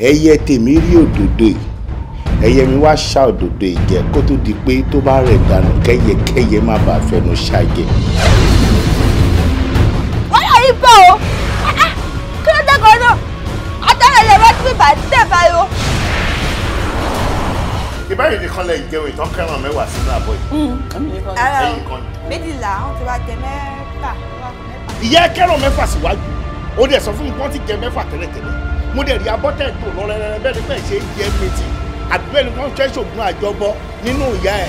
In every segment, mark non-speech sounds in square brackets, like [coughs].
ẹyẹ tèmi rí òdòdó yìí ẹyẹ mi wá ṣá òdòdó yìí jẹ kó tó di pé tó bá rẹ̀ dànù kẹ́yẹkẹ́yẹ má bàa fẹnu ṣàjẹ. wọ́n yà rí bẹ́ẹ̀ o ah, ah, kí ló dé kan náà àtàwọn ẹ̀yẹ wá sí bàbá tẹ̀ báyìí o. ìbáyìí nìkan lè jẹun ìtàn kẹràn mẹ́wàá sínú àbọ̀ yìí. Hmm, ẹ̀yìn kan ni. méjìlá wọn ti wá jẹ mẹ́fà. ìyá kẹràn mẹ́fà síwájú ó dẹ̀ sọ fún mi pé wọ́n ti jẹ mẹ́fà tẹ́lẹ̀tẹ́lẹ̀ mo dẹ̀ rí abọ́tẹ̀ tó lọ rẹ́rẹ́rẹ́ bẹ́ẹ̀ ni pẹ̀ ṣe yẹ mìtì àbí bẹ́ẹ̀ ni wọ́n ṣe ṣògùn àjọgbọ́ nínú ìyá ẹ̀.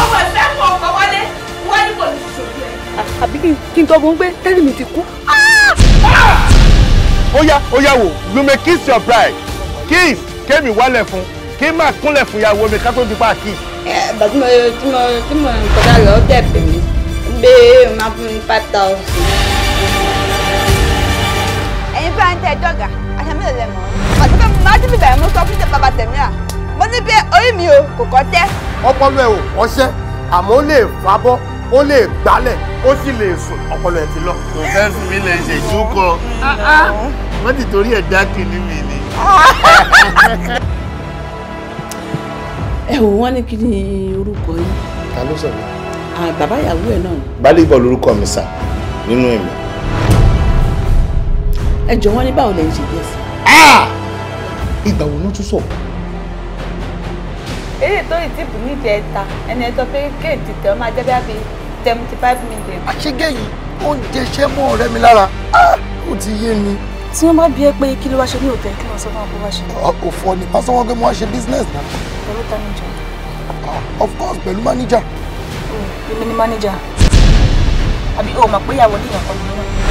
ọmọ ìfẹ́ kọ ọkọ wọlé wọ́n ní kò ní ṣògùn àbí kí n tọ́ gbé tẹ́lẹ̀ mi ti kú. ó yá wò you kiss your bride kiss kémi wálẹ̀ fún kí n kúnlẹ̀ fún ìyàwó mi ká tó di pa kiss. ẹ tí mo tí mo kọjá lọ ẹjọ́ àǹtẹ̀ ẹjọ́ ọ̀gá àṣà mi ò lẹ̀ mọ́ àti pé màá ti bíbẹ̀ mú sọ fún ìjọba bàbá tẹ̀mí à mo ní pé orí mi ò kò kọ́ tẹ́. ọpọlọ ẹ ò kọ́ṣẹ́ àmọ́ ó lè fàbọ́ ó lè gbálẹ̀ ó sì lè sùn ọpọlọ ẹ ti lọ. kò fẹ́ fún mi lè ṣe ìṣúkọ wọ́n ah, ah. ti torí ẹ̀ dákì ní mi ni. [laughs] ẹ ò wọ́n ní kí ni orúkọ yìí. ta ló sọ̀rọ̀. Ah, bàbá ìyàwó ẹ̀ náà. baálé ìbọn lorúkọ mi sà nínú ẹ̀mí ẹ jọ wọn ní báwo lẹ ń ṣe díẹ̀ sí. Ah! ìgbà wo ló tún sọ. eré tó ì tìbù nídìí ẹ̀ta ẹni ẹ̀tọ́ pé kéèdì tẹ̀ ọ́ máa jẹ́ bí i seventy five million. àṣegẹ́ yìí oúnjẹ ṣẹ́ mọ́ ọ̀rẹ́ mi lára ah! ó ti yé mi. tí wọ́n bá bí ẹ pé kí ló wá ṣe ní òtẹ́ kí wọ́n sọ fún ọ wá ṣe. òfò ni pásán pé mo wá ṣe business náà. pẹ̀lú ta ah, of course pẹ̀lú manager. Hmm, èmi ni manager àbí o mọ̀ pé ìyàwó ní ìyàkọ́ yìí náà.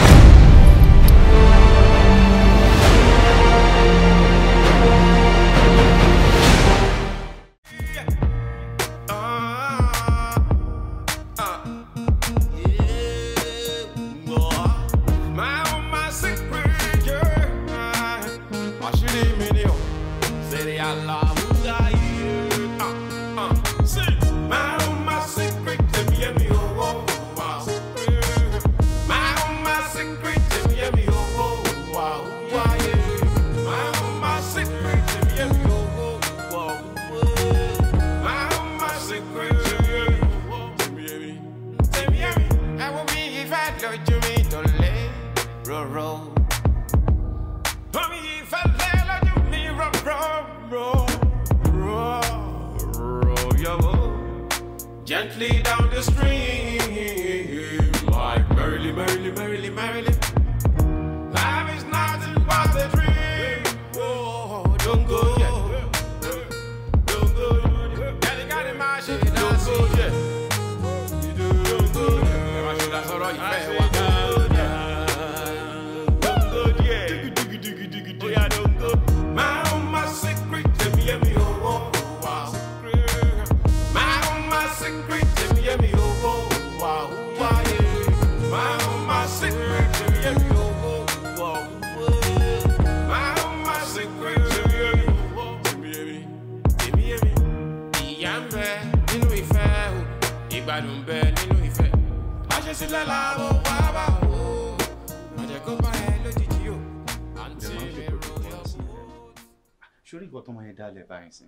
báyìí sí.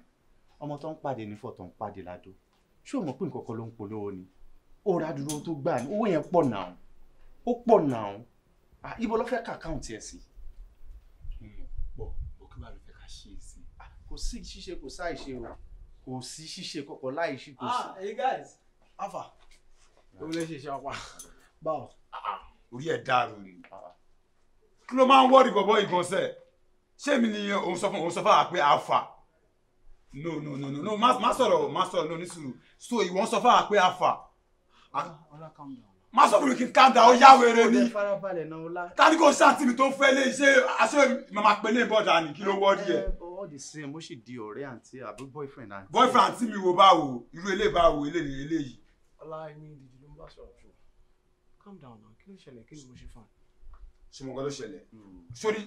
ọmọ tó ń pàdé ní fọ̀tọ̀ ń pàdé ládó ṣé o mọ̀ pé nǹkan kan ló ń polówó ni ó ra dúró tó gbà ní owó yẹn pọ̀ náà ó pọ̀ náà ibo ló fẹ́ ká àkáǹtì ẹ̀ sí. bọ̀ hmm, bọ̀ kí wàá lọ fẹ́ ká ṣí i sí. kò sí ṣíṣe kò sáì ṣe o kò sí ṣíṣe kọkọ láì ṣí kò ah, sí. ah hey guys afa o lè ṣe iṣẹ́ ọ̀pá báwo. Ah, ah, orí ẹ̀ dàrú ni kí ló máa ń wọ́ọ̀dì gbọ̀gbọ́ ìgbọ̀nsẹ̀ ṣé mi ni òun sọ fún òun sọ fún àpé àfà no no no no no má má sọ̀rọ̀ má no ní so ìwọ ń sọ fún àpé àfà. má sọ fún mi kí n calm down ó yá wèrè ni tani kò ṣáàtì mi tó fẹ́ lé iṣẹ́ aṣọ màmá pélé bọ́dà ni kí ló wọ́ díẹ̀. Eh, all the same mo sì di ọ̀rẹ́ àǹtí àbí boyfriend àǹtí. boyfriend àǹtí mi wo báwo irú ilé báwo ilé eléyìí. ọlá ẹni ìdíjú ló ń bá sọ̀rọ̀ jù calm down now kí ló ṣẹlẹ̀ kí ni mo ṣe fà. sọmọkọ ló ṣẹlẹ̀ sórí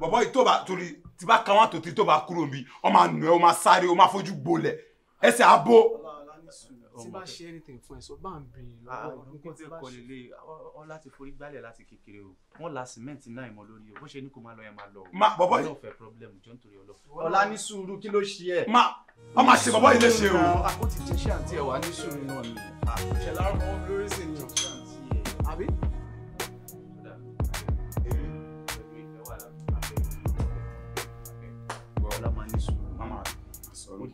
bọ̀bọ̀ yìí tó bá torí tí bá kan wá tó ti tó bá kúrò bí ọ máa nù ẹ ọ máa sáré ọ máa fojú gbolẹ̀ ẹsẹ̀ abo. tí bá ṣe anything fún ẹ sọ bá ń bèrè lọ́wọ́ ah, nǹkan tí kò lè lè ọ láti forí gbálẹ̀ láti kékeré o wọ́n la sìmẹ́ǹtì náà ìmọ̀ lórí o bó ṣe ní kó máa lọ yẹn máa lọ o. ma bọ̀bọ̀ yìí ọlọ́fẹ́ problem jọ nítorí ọlọ́fẹ́. ọlá ní sùúrù kí ló ṣe ẹ. ma ọ máa ṣe bọ̀bọ̀ yìí léṣe o. Ah, ó ti jẹ́ ṣáà tí ẹ̀ wá ní sùúrù náà ni. Ah. ṣẹlá ọmọ olórí sì ni àbí.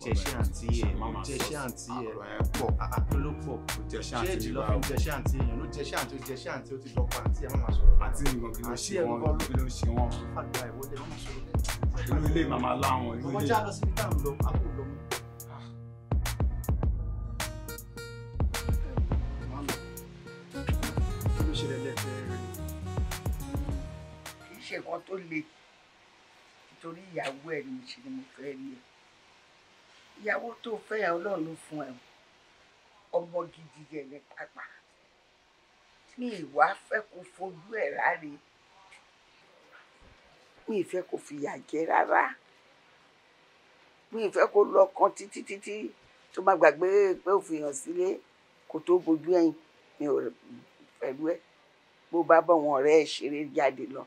jẹ ṣé àǹtí ẹ kò jẹ ṣé àǹtí ẹ pọ àpérò pọ jẹ ṣé àǹtí lọ fi jẹ ṣé àǹtí èèyàn ló jẹ ṣé àǹtí ó jẹ ṣé àǹtí ó ti lọkọ àǹtí ẹ má máa sọ̀rọ̀ àǹtí nìkan kí ló ṣe wọn kí ló ṣe wọn. àgbà ìwọlé má máa sọ̀rọ̀ bẹ́ẹ̀. ilé màmá láwọn inú ilé. ọmọ já lọ síbi táwọn lọ àpò lọ mọ. ṣẹlẹ̀ lẹ́fẹ̀ẹ́ rẹ̀. kì í ṣe nǹkan tó le nítorí ìyàwó ẹ̀ ni mo ṣe ni mo fẹ́ rí ẹ̀ ìyàwó tó fẹ́ yà ọlọ́run ló fún ẹ ọmọ gidi yẹn ní pápá mi ìwà fẹ́ kó fojú ẹ̀ ráre mi ìfẹ́ kó fìyà jẹ rárá mi ìfẹ́ kó lọ kan títí títí tó má gbàgbé pé ó fi hàn sílé kó tó bojú ẹ̀yìn mi ò pẹ̀lú ẹ̀ bó bá bọ̀ wọn ọ̀rẹ́ ẹ̀ ṣeré jáde lọ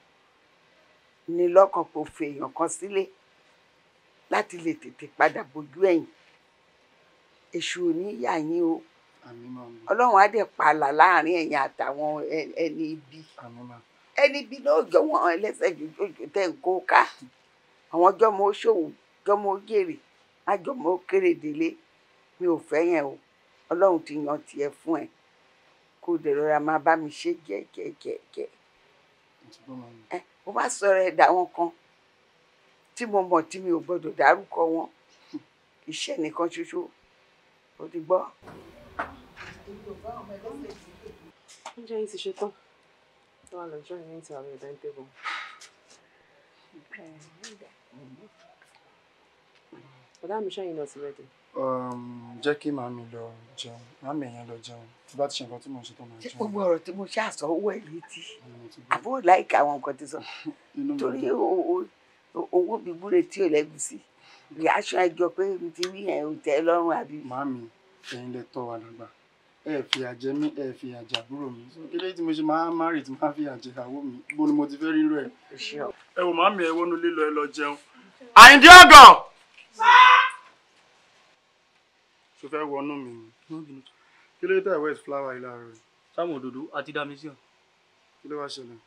ní lọ́kàn kó fi kan sílé. Si láti lè tètè padà bójú ẹ̀yìn èṣù ò ní yà yín o ọlọ́run á dẹ̀ pààlà láàrin ẹ̀yìn àtàwọn ẹni ibi ẹni ibi náà jọ wọn ẹlẹ́sẹ̀ jòjòjò tẹ̀ ń kó ká àwọn jọmọ ṣòwò jọmọ jèrè ajọmọ kérédélé mi ò fẹ́ yẹn o ọlọ́run ti yan tiẹ̀ fún ẹ kó dẹ̀ rọra máa bá mi ṣe jẹ́jẹ́jẹ́jẹ́ ẹ mo bá sọ̀rọ̀ ẹ̀dá wọn kan tí mo mọ̀ tí mi ò gbọ́dọ̀ dárúkọ wọn hmm, iṣẹ́ nìkan ṣoṣo ò ti gbọ́. oúnjẹ yìí ti ṣe tán tó wà lọ́jọ́ yìí ní ìtàwé ìdá ìtẹ́gùn. ọ̀dà mi ṣẹ́yìn náà ti rẹ̀dì. Um, jẹ́ kí màmí lọ jẹun màmí yẹn lọ jẹun tí bá ti ṣe nǹkan tí mo ṣe tó máa jẹun. gbogbo ọ̀rọ̀ tí mo ṣàṣọ owó ẹ̀ létí àbúrò láìka àwọn nǹkan ti sọ torí o owó mi gbúre tí ò lẹ́gùsí ìyáṣọ àjọ pé n ti rí ẹ̀ ò tẹ́ lọ́rùn àbí. màámi ẹ̀yin lè tọ́ wa dàgbà ẹ fi àjẹ mí ẹ fi àjẹ àbúrò mi kílé tí mo ṣe máa má rè tí máa fi àjẹ àwọ mi bó ni mo ti fẹ́ rírọ ẹ. ẹ wò màámi ẹ wọnú lílọ ẹ lọ jẹun. àyíndí ọgọ. ṣo fẹ́ wọnú mi ni kílé tí ẹ wẹ́ẹ̀tì yìí láàárọ̀ yìí. sáwọn òdòdó àti damisio. kí wá ṣẹlẹ̀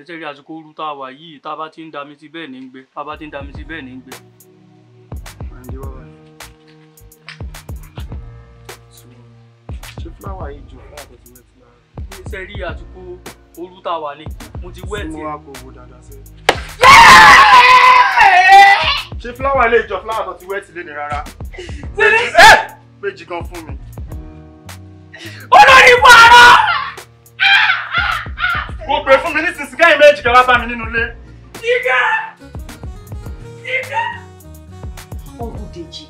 tẹ́tẹ́rí àsìkò ooru tá a wà yìí tá a bá ti ń dami sí bẹ́ẹ̀ ní ń gbẹ tá a bá ti ń dami sí bẹ́ẹ̀ ní ń gbẹ. ṣé fúláwà yìí jù fúláwà rí àsìkò ooru tá a wà ni mo ti wẹ́ tiẹ̀. mo ṣé fúláwà ilé ìjọ fúláwà tó ti wẹ́ tilé ni rárá. péjì gan eh! fún mi. olórí wa. méjì jọ wá bá mi nínú ilé. Kíkẹ́! Kíkẹ́! Ọdún Dèjì,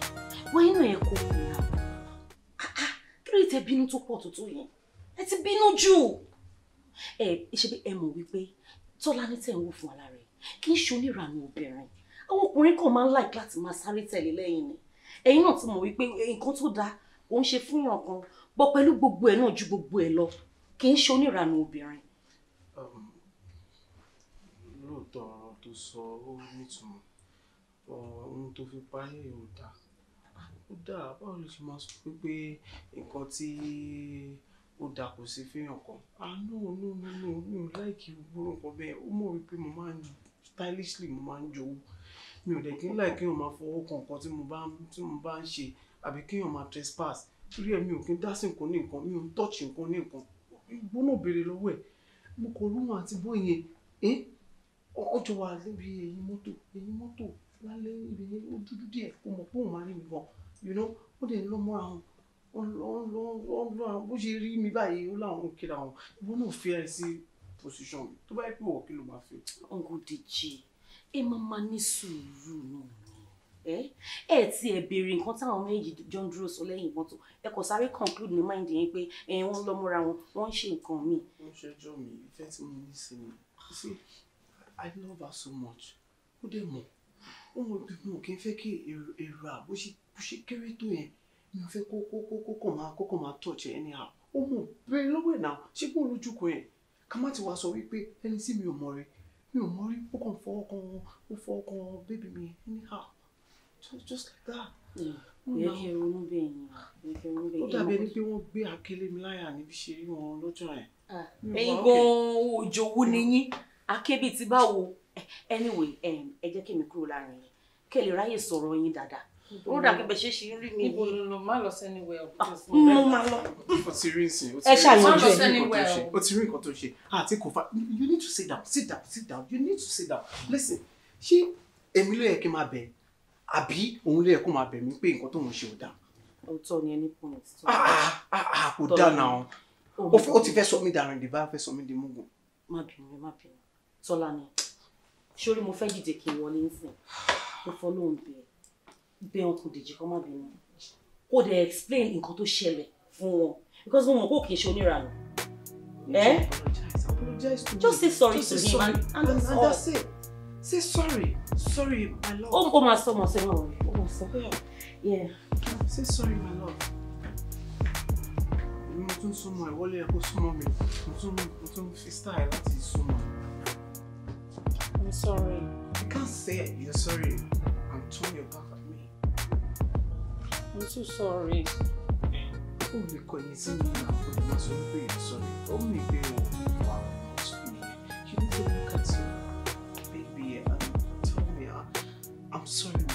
wọ́n inú ẹ̀ kò kù náà. Kí ló tẹ bínú tó pọ̀ tuntun yẹn? Ẹ ti bínú jù. Ẹ ṣe bí ẹ mọ̀ wípé Tọ́lá ní tẹ̀ ń wò fún ara rẹ̀ kì í ṣe oníranú obìnrin. Àwọn ọkùnrin kan máa ń láì láti máa sáré tẹ̀lé lẹ́yìn ni. Ẹ̀yin náà ti mọ̀ wípé nǹkan tó dáa òun ṣe fún yàn kan bọ́ pẹ̀lú gbogbo ẹ̀ náà ju gbogbo ẹ̀ lọ kì í ṣe oníranú obìnrin. tó sọ ó nítumọ̀ ohun tó fi parí ẹ̀ ò dáa ó dáa báwo ló ṣe máa sọ pé pé nǹkan tí ó dáa kò sí fẹ́yàn kan àánú ònú nínú mi ò láìkí gbogbo nǹkan bẹ́ẹ̀ ó mọ̀ wípé mo máa ń stylishly mo máa ń jowó mi ò dẹ̀ kí n láì kéèyàn máa fọwọ́ kan nǹkan tí mo bá tí mo bá ń ṣe àbí kéèyàn máa trespass torí ẹ̀ mi ò kí ń dá sí nǹkan ní nǹkan mi ò ń touch nǹkan ní nǹkan gbóná béèrè lọ́wọ́ ẹ̀ mo kò rúwọn àti bóyá ẹ́ ó jọ wà lórí ẹ̀yìn mọ́tò ẹ̀yìn mọ́tò lálẹ́ ibi yẹn ó dúdú díẹ̀ kó mọ̀ póun máa rí mi gan you know ó dẹ̀ ń lọ mọ́ra wọn ó ń lọ ó ń lọ ó ń lọ bó ṣe rí mi báyìí ó láwọn ń kíra wọn ìwọ náà fi ẹ sí position mi tó bá yẹ pé wọ́n kí ló máa fi. ọ̀gùn dèjì ẹ máa máa ní sùúrù náà ni ẹ ti ẹ béèrè nǹkan táwọn méjì jọ ń dúró sọ lẹ́yìn ìbọn ẹ kò sáré conclude ní mind yẹn pé ẹ wọ́n lọ mọ́ra wọn wọ́n ń ṣe nǹkan míì. wọ́n ṣẹjọ́ mi ìfẹ́ tí mo ní sí mi I love her so much. Ó dẹ̀ mọ̀. Ó mọ̀ bí mo kì í fẹ́ kí èrò à bó ṣe kéré tó yẹn. Mi ò fẹ́ kó kó kó kó kàn máa kó kàn máa touch anyhow. Ó mọ̀ bẹ́ẹ̀ lọ́wọ́ ẹ̀ náà ṣé kó lójú kan yẹn. Ká má ti wá sọ wípé ẹni tí mi ò mọ̀ rí mi ò mọ̀ rí ó kàn fọwọ́ kan ó fọwọ́ kan bébì mi anyhow. Just, just like that. Ìyá hmm. kí ronú bẹ́ẹ̀ yẹn. Ó dàbí ẹni pé wọ́n gbé akélé mi láyà níbi ṣe rí wọn lọ́jọ́ yẹn. Ah, ẹ̀yin gan-an òjòwú ni yín akébì tí bá wo eh, anyway ẹ jẹ́ kí mi kúrò láàrin yẹn kẹ́ lè ráyè sọ̀rọ̀ yín dáadáa ó dà kí bẹ̀ṣẹ̀ ṣe rí mi. ibo ló má lọ sẹ́ni wẹ̀ ọ́. mo máa lọ. o ti rí nsìn o ti rí nǹkan tó ṣe o ah, ti rí nǹkan tó ṣe àti kò fa you need to sit down sit down sit down you need to sit down listen ṣé èmi ló yẹ kí n máa bẹ̀ àbí òun ló yẹ kó máa bẹ̀ mí pé nǹkan tóun ṣe ò dáa. òótọ́ ni ẹni point. Ah, ah, kò dáa náà o ti fẹ́ sọ mí dàrin dè bá fẹ́ sọ mí di mugun. má bínú má bínú tọ́lá ni sórí mo fẹ́ dìde kí n wọlé nsìn mo fọ́ lóun bẹ́ẹ̀ bẹ́ẹ̀ wọn kò dèjì kọ́ má bínú kò dẹ̀ explain nǹkan tó ṣẹlẹ̀ fún wọn because mo mọ̀ kó kì í ṣe oníranù. Eh? Apologize to Just say sorry to him sorry. and, and, and, and that's it. Say sorry. Sorry, my love. Oh, oh my son, my son, oh, my son. Yeah. Say sorry, my love. Mo tún súnmọ́ ẹ̀ wọlé ẹ̀ kó súnmọ́ mi, mo tún fi style láti súnmọ́ mi. I'm sorry. You can't say you're sorry and turn your back at me. I'm so sorry. ó lè kọ̀yìn sí mi ní àfọ̀dù máa sọ wípé ìsọ̀rọ̀ ó ní pé o wà lọ sí mi you need to look at you baby and tell me I'm sorry.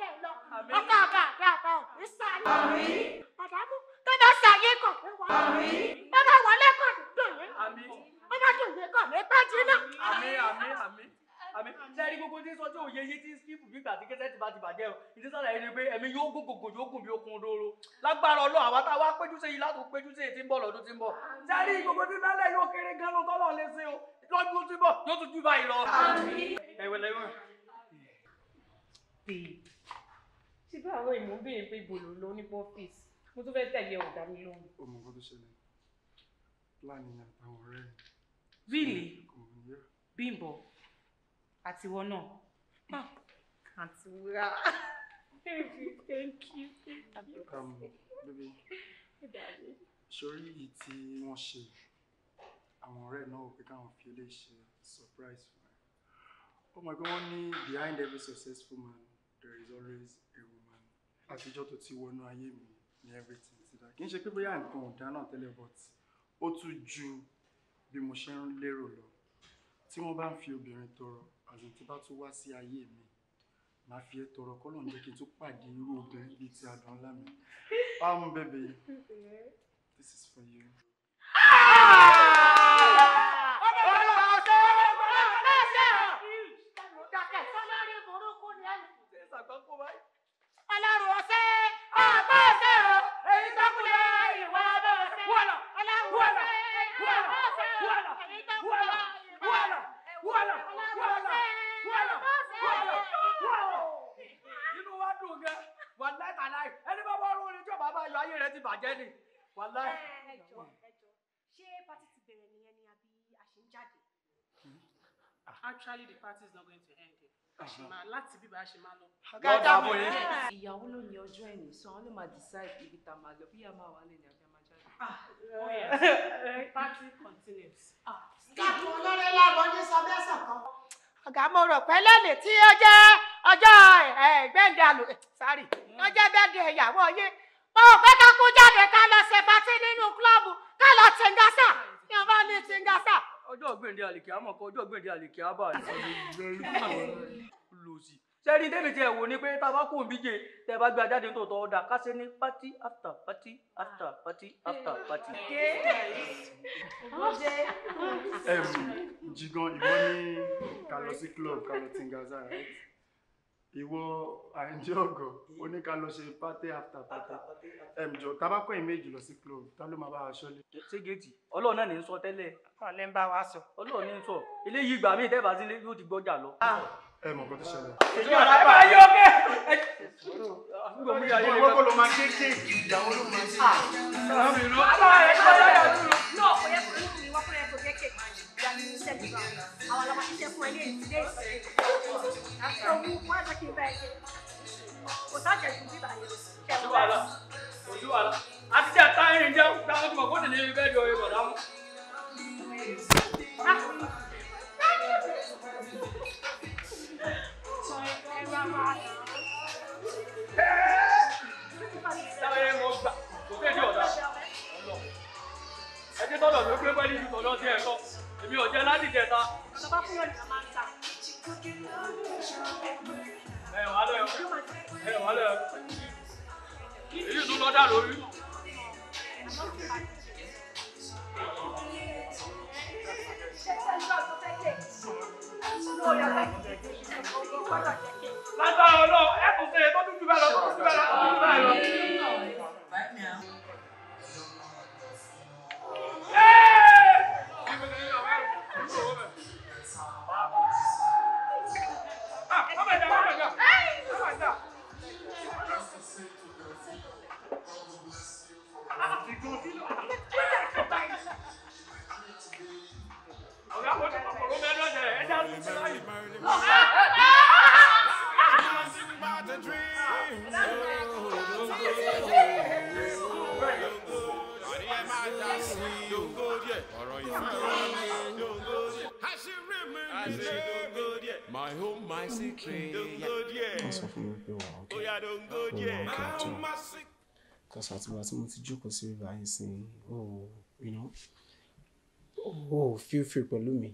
lẹ̀ lọ ọkọ àgbà àgbà àgbà ò ní sáyé àdámú tó bá sáyé kò ní wá tó bá wọlé kò ní dòye tó bá dòye kò ní tọ́jú náà àmì gbogbo tí sọ tí òye yé tí ń skip tí kẹ́sẹ́ ti bá ti bàjẹ́ o ìdí sàlàyé ni pé ẹ̀mí yóò gògògò yóò gùn bí okun dóró lágbára ọlọ́ àwa tá péjú sí i látò péjú sí i tí ń bọ̀ lọ́dún tí ń bọ̀ sẹ́ẹ̀rí gbogbo tí mẹ́lẹ̀ yóò kéré gan ló tọ́lọ̀ lé sí o lọ́dún tí ń bọ̀ yóò tún jù báyìí lọ. ẹ̀wẹ̀lẹ̀ wọn tí bá àwọn ìmọ̀ ń béèrè pé lọ nípa ọ́fíìsì mo tún fẹ́ẹ́ tẹ̀lé ọ̀gá mi lóhùn. ó mọ nǹkan tó ṣẹlẹ̀ àtàwọn ọ̀rẹ́ mi. really bímbọ àtiwọ náà ah, àti wúrà baby thank you. um, baby sori yìí tí wọ́n ṣe àwọn ọ̀rẹ́ náà pé káwọn fi ilé ṣe surprise fún ẹ. ó mọ̀ pé ní behind every successful man there is always àtijọ́ tó ti wọnú ayé mi ní everything ti dá kì í ṣe pé bóyá nǹkan ò tẹ́lẹ̀ but ó tún ju bí mo ṣe ń lérò lọ tí wọ́n bá ń fi obìnrin tọrọ àti tí bá tún wá sí ayé mi máa fi ẹ́ tọrọ kọ́ ń jẹ́ kí n tún pàdé irú obìnrin bíi ti àdán ńlá mi um baby this is for you. Thank ah! you ọlọ́run ọ̀sẹ̀ ọ̀pọ̀ ọ̀sẹ̀ o èyí tó kúlẹ̀ ìwà ọ̀bọ̀ ọ̀sẹ̀ ọlọ́run ọ̀sẹ̀ ọ̀pọ̀ ọ̀sẹ̀ èyí tó kúlẹ̀ ìwà ọ̀bọ̀ ọ̀sẹ̀ inú wa dùn actually the party is not going to end àṣemá ìyàwó ló ní ọjọ́ ẹ̀yìn sọ wọn ló máa decide ibi tá máa lọ bí a máa wà lẹ́yìn àbí a máa ah, oh [laughs] continues. Ah. ọ̀gá mo rò pé lónìí tí ó jẹ́ ọjọ́ ẹ̀ẹ́dẹ́gbẹ̀ndẹ̀ àlò sárì ó jẹ́ bẹ́ẹ̀dẹ̀ ìyàwó yé ó pé ká kú jáde ká lọ ṣe pátí nínú kílọ̀bù ká lọ tìǹgàṣà ní ọba ní tìǹgàṣà ọjọ́ gbèǹde àlèkè àmọ̀ kan ọjọ́ gbèǹde àlèkè àbà lòsì sẹ́ni débi tí ẹ̀ wò ni pé tá a bá bíje tẹ́ bá gbé ajáde tó tọ́ ọ̀dà kásẹ̀ ní pátí after pátí after pátí after pátí. ẹ jìgan ìbọn ní ká sí club ká lọ ìwọ àìjí ọgọ oníkà lọ ṣe pátẹ after pátẹ ẹmjọ tabakọ ìméjì lọ sí club ta ló máa bá aṣọ lé. ṣé géètì ọlọ́run náà ní í sọ tẹ́lẹ̀. ọlẹ́ ń bá wa sọ. ọlọ́run ní í sọ eléyìí ìgbà míì tẹ́ẹ̀bà sílé yóò ti gbọ́jà lọ. Ah! ẹ mọ̀ nǹkan tó ṣẹlẹ̀. èyí ọ̀la bá yọ kẹ́. ìwọ ló máa dé dé ìjà olóòmọ̀ àwọn ọlọ́mọ ṣiṣẹ́ fún ẹni èyí dé àti owó wọn jẹ́ kí n bẹ́ẹ̀ ṣe kò sáàjẹ̀ ju bíbá yẹn kẹ́kọ̀ọ́. ojú wa la ojú wa la àti tí a ta irin jẹ́ dáhùn tí mo kó nìyẹn bẹ́ẹ̀ di oyin bọ̀dá mú. Sábẹ́ mo gbà, kò kéde ọ̀dà. Ẹ ti tọ́lọ̀ ló gbé pẹ́lú ìtọ́lọ́ sí ẹ̀kọ́ èmi ò jẹ láti jẹta. bàbá fún yọ̀ọ̀dì máa ń ta. ẹ wà lẹ ẹ wà lẹ èyí tún lọ dà lórí. látàrí ọlọ ẹ kò fẹ́ tó tún jù bẹ́ẹ̀ lọ tó tún jù bẹ́ẹ̀ lọ tó tún jù bẹ́ẹ̀ lọ. Hey! 你们赶紧下班，走吧。wọ́n sọ fún mi mo ti jókòó sí ibà yìí sí o you know o feel free pẹ̀lú mi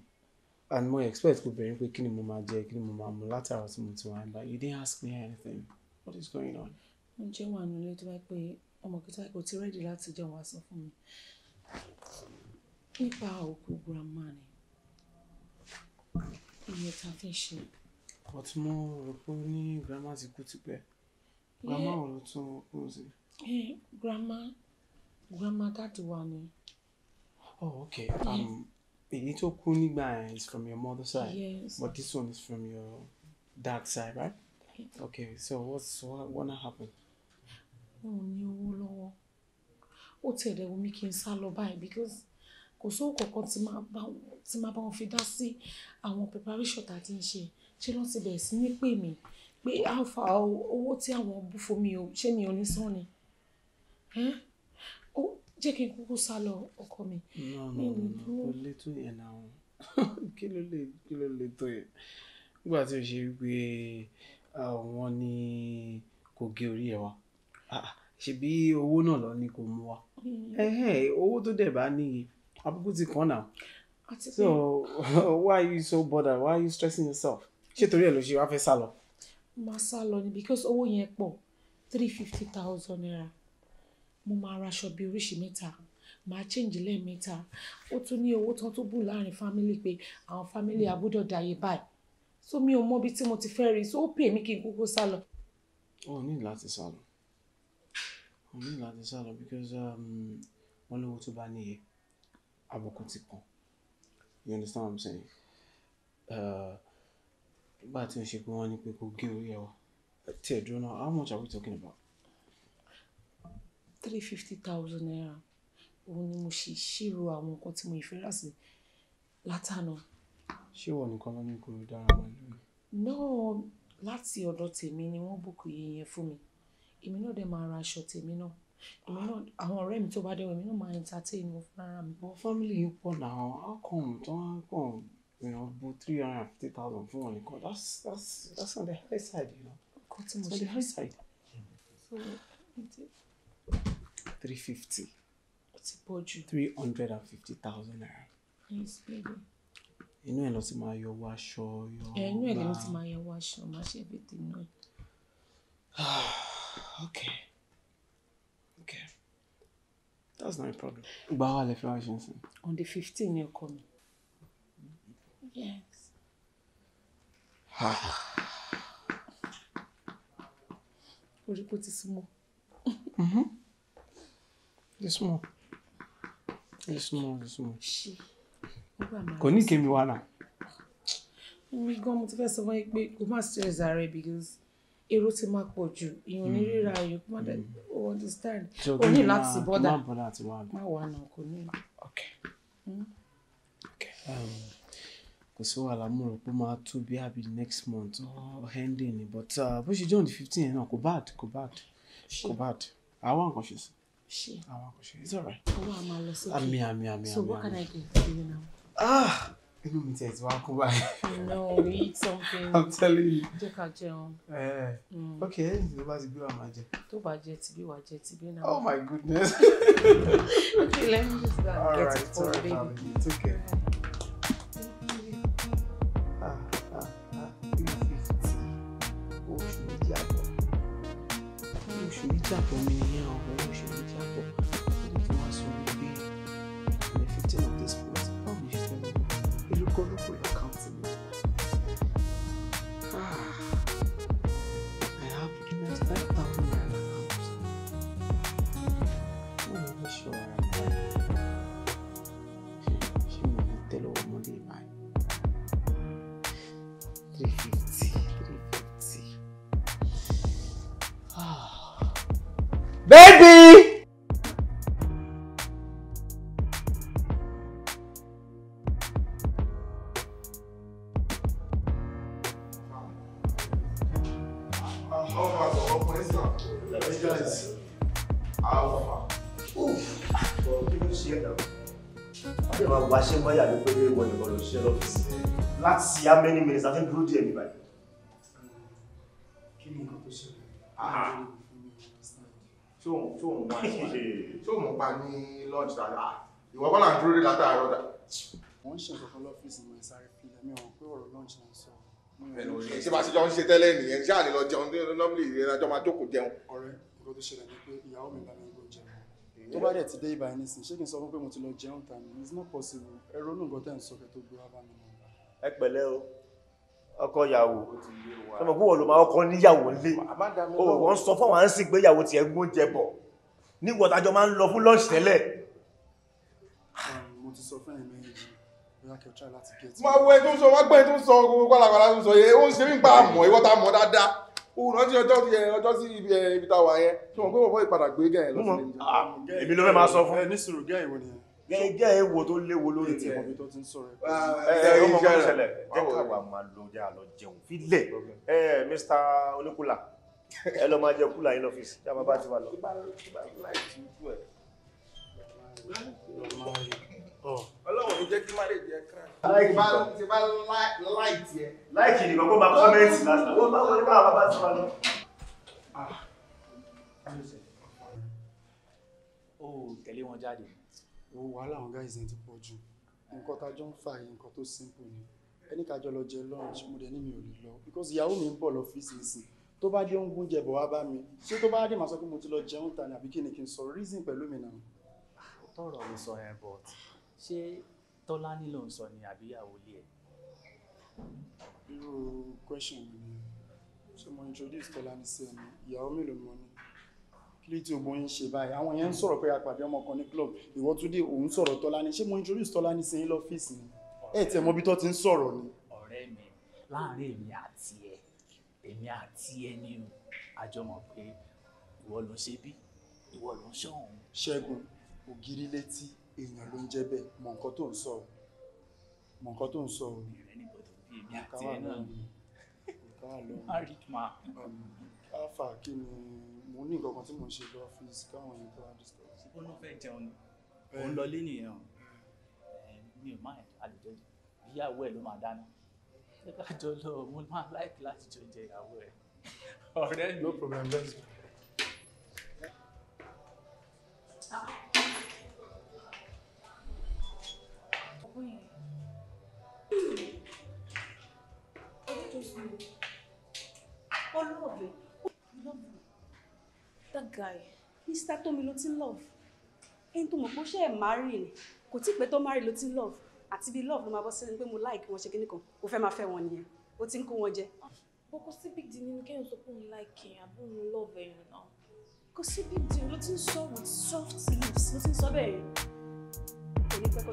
and mo expect kò bẹ̀rẹ̀ pé kí ni mo máa jẹ kí ni mo máa mu látara tí mo ti wà nígbà you didn't ask me anything what is going on. mo jẹ́ wà nílé tó bá pé ọmọ kìtà kò ti rẹ́dì láti jẹun wá sọ fún mi nípa òkú grandma ni iye ta fi ṣe. But mo rò pé ó ní grammar ti kú tipẹ́. Grammar wo ló tún kú sí? Grammar grammar dáàdì wa ni. Oh okay. Um, èyí tó kú nígbà yẹn is from your mother side. Yes. But this one is from your dad side, right? Yeah. Okay, so what's what, what happen? Wọn ò ní owó lọ́wọ́. Ó tẹ̀lé omi kí n sá lọ báyìí because kò sówó kankan tí máa bá wọn fi dá sí àwọn preparation tá a ti ń ṣe ṣé lọ́n ti bẹ̀rẹ̀ sí ní pè mí pé alfa owó tí àwọn bú fún mi o ṣé mi ò ní sán ni ó jẹ́ kí n kúkú sá lọ ọkọ mi. mi ò dúró kò lè tó yẹn náà [laughs] kí ló lè kí ló lè tó yẹn nígbà tí o ṣe wípé àwọn ni kò gé orí ẹ wa ṣebí owó náà lọ ni kò mú wa hmm. owó tó dẹ̀ bá níye àbùkù ti kàn náà so [laughs] why are you so bothered why are you stressing yourself ṣé torí ẹ̀ ló ṣe wá fẹ́ sá lọ. máa sá lọ ni because owó yẹn pọ̀ three fifty thousand naira mo máa raṣọ bíi oríṣi mẹ́ta máa change lẹ́ẹ̀mẹ́ta ó tún ní owó tán tó bù láàrin family pé àwọn family àbúdọ̀ dàyè báyìí so mi ò mọ ibi tí mo ti fẹ́ rí so ó pè mí kí n kúkú sá lọ. o ní láti sá lọ o ní láti sá lọ because um, wọn lówó tó bá níye àbùkù ti pọ̀ you understand what i'm saying. Uh, Nígbà tí o ṣe pé wọ́n ní pé kó gé orí ẹ wá. Tí ẹ dúró náà, how much are we talking about? Three fifty thousand naira. Òun ni mo ṣe ṣírò àwọn nǹkan tí mo ìfẹ́ rà sí látànà. Ṣé ìwọ nìkan ló ní kó dára wọn lónìí? Náà láti ọ̀dọ̀ tèmi ni wọ́n bùkún iye yẹn fún mi. Èmi náà dẹ̀ máa ra aṣọ tèmi náà èmi náà àwọn ọ̀rẹ́ mi tó bá dẹ̀wọ̀ èmi náà máa entertain wọn fún ara mi. Àwọn fámìlì yìí pọ̀ làwọn, how come tí wọ́n pọ̀ you know, about three hundred and fifty thousand fún that's that's that's on the high side you know it's on the high side. so three fifty. ó ti pọ̀ jù. three hundred and fifty thousand naira. yes baby. You know, lọ ti máa yọ owó aṣọ yọ ọgbà. inú ẹ̀ lọ ti wash yọ owó everything. [sighs] okay okay that's not a problem. gbàá wà lè on the fifteen ni ọkọ mi. Yes. Ah. Orí kò ti súnmọ́. Mm-hmm. this súnmọ́. Ti súnmọ́, This súnmọ́. Kò ní kémi wá náà. Mi gan mo ti fẹ́ sọ fún yín pé kò má stress ààrẹ because èrò ti máa pọ̀ jù ìyàn ní rírà ayò kó má dẹ̀ mm. understand. O ní láti uh, bọ́dà. Má bọ́dà àti wá. Má wà Okay. Mm. Okay. Um, kò sí wàhálà mo rò pé máa tó bí àbí next month Oh, ending ni but uh, bó ṣe jẹ́ on the fifteen yẹn náà kò bad kò bad kò bad àwọn nǹkan ṣe sí ṣe. Àwọn it's alright. Owó a máa lọ sókè. Àmì àmì àmì àmì. So what can I do for you now? Ah! Inú mi tẹ̀ ti wá kú báyìí. No, we eat something. [laughs] I'm telling you. Jẹ́ ká jẹun. Eh, mm. Ok, ẹ̀yìn ló bá ti gbé wa máa jẹ. Tó bá jẹ ti bí wa jẹ ti bí náà. Oh my goodness. [laughs] okay, let me just go and All get right, it for right, All right, it's okay. Yeah. máa yà mí pé wọ́n nìkan ló ṣiṣẹ́ lọ́fíìsì láti how many minutes I can díẹ̀ mi anybody. kí ni nǹkan tó ṣẹlẹ̀? tí ah, ah. òun máa ṣe tí òun pa ní lunch tàbí ah, ìwọ kọ́ là ń dúró dé látàárọ̀ dà. wọ́n ń ṣe nǹkan kan lọ́fíìsì mo sáré fi ẹ̀mí ọ̀hún pé ọ̀rọ̀ lunch náà sọ. ẹnu òye ṣé máa ṣe jọ ń ṣe tẹ́lẹ̀ nìyẹn ṣáà lè lọ jẹun ní nọ́ọ̀mù ìrẹ́lájọ́ máa jókòó jẹun. ọ̀rẹ́ nǹkan tó ṣẹlẹ̀ ni pé ìyàwó mi bá mi tó bá dẹ̀ ti dé ibà ẹni sìn ṣé kí n sọ fún pé mo ti lọ jẹun tà ní it's not possible ẹ ronú nǹkan tẹ́ ń sọ kẹ́ tó gbé wá bá mi náà. ẹ pẹ̀lẹ́ o ọkọ ìyàwó ọmọ púpọ̀ ló máa ọkọ níyàwó lé o wọ́n sọ fún àwọn àǹsìn pé ìyàwó tiẹ̀ gbó jẹ bọ̀ nígbà tájọ máa ń lọ fún lọ́ọ̀ṣì tẹ́lẹ̀. mo ti sọ fún ẹ̀mí ìyá kẹ òun rántí ọjọ́ ti ẹ ọjọ́ sí ibi ẹ ibi tá a wà yẹn tí wọ́n pé wọ́n fọ́ ìpadà gbé gẹ̀ẹ́ lọ sí ilé ah, èmi ló fẹ́ máa sọ fún ẹ nísìrò gẹ̀ẹ́ ìwọ nìyẹn gẹ́gẹ́ èwo tó léwo lórí tí ọmọ mi tó ti ń sọ̀rọ̀ ah, ẹ ẹ ọmọ kan ṣẹlẹ̀ jẹ́ ká wà máa lọ jẹ́ àlọ́ jẹun fílẹ̀ ẹ Mr. oníkùlà ẹ lọ máa jẹ kùlà yín lọ́fíìsì tí a máa bá ti wà lọ ọlọ́run ní jẹ́ kí má lè jẹ́ kíláàsì. ti bá láìtì ẹ. láìkì nìkan kó máa kọ́mẹ́ǹtì lásán wọ́n máa wọ́n ní báwa bá ti wá lọ. Ah. ó tẹ̀lé wọn jáde. owó wàhálà àwọn guys yẹn ti pọ̀ jù nǹkan tá a jọ ń fà yìí nǹkan tó simple ni ẹni kájọ lọ jẹ lunch mo dẹ̀ ní mi ò lè lọ because ìyàwó mi ń bọ̀ lọ́fíìsì nísìnyí tó bá dé oúnjẹ oúnjẹ bọ̀ wá bá mi ṣé tó bá dé màá sọ pé mo ti lọ jẹun tani àbí kí ni kí n sọ reason pẹ̀lú mi náà. tọrọ mi sọ yẹn but ṣé Tọ́lání ló ń sọ ni àbíyàwó ilé ẹ̀. irú question mi ni ṣé mo introduce Tọ́lání sí ẹni ìyàwó mélòó ni mo ní kí ló tí ogun ń ṣe báyìí àwọn yẹn ń sọ̀rọ̀ pé apàdé ọmọ kan ní club ìwọ tún dé òun sọ̀rọ̀ Tọ́lání ṣé mo introduce Tọ́lání sí yín lọ́fíìsì ni ẹ̀ tẹ̀ mọ́bí tó ti ń sọ̀rọ̀ ni. ọ̀rẹ́ mi láàrin èmi àti ẹ èmi àti ẹ ni àjọmọ̀ pé ìwọ ló ògiri létí èèyàn ló ń jẹ́ bẹ́ẹ̀ mọ nǹkan tó ń sọ mọ nǹkan tó ń sọ o. káfà um, kí ni mo ní nǹkan kan tí mo ń ṣe lọ́fíìsì káwọn yìí tó wá discuss. ṣùgbọ́n ló fẹ́ jẹun ni òun eh. lọ lé nìyẹn eh, mi ò máa àlejò ìyàwó ẹ̀ ló máa dáná ká jọ lọ mo máa láìpẹ́ láti jọ jẹ ìyàwó ẹ̀ ọ̀rẹ́ mi. no problem let's go. Ah. That guy, Mr. Tomi ló ti love. Ẹni tó mọ̀ pé ó ṣe ẹ̀ márì ni. Kò tí ì pẹ́ tó márì ti love. Àti bí love ló máa bọ́ sẹ́ni pé mo like wọn ṣe kíní kan. Ó fẹ́ máa fẹ́ wọn nìyẹn. Ó ti ń kó wọn jẹ. Bó kò big deal nínú kéèyàn sọ pé òun like yẹn àbí òun love ẹ̀yàn na. Kò sí big deal ló ti ń with soft lips ló ti ń sọ bẹ́ẹ̀ yẹn. Kò ní pẹ́ kó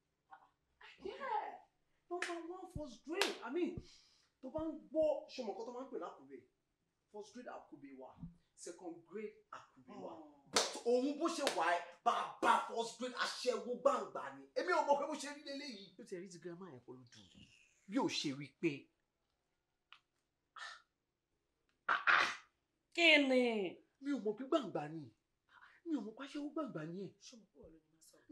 yeah number one first grade i mean tó bá ń gbọ́ ṣọmọkọ tó máa ń pè lákùbẹ first grade àkùbẹ wa second grade àkùbẹ wa oh. but òun bó ṣe wà ẹ bàbá first grade aṣẹ́wó gbàǹgbà ni èmi ò mọ̀ pé bó ṣe rí lélẹ́yìí. bí o ti rí ti girama yẹn kó ló dùn yóò ṣe wí pé ah, ah, ah. kí ni mi ò mọ̀ pé gbàǹgbà ni mi ò mọ̀ pàṣẹwó gbàǹgbà ni ẹ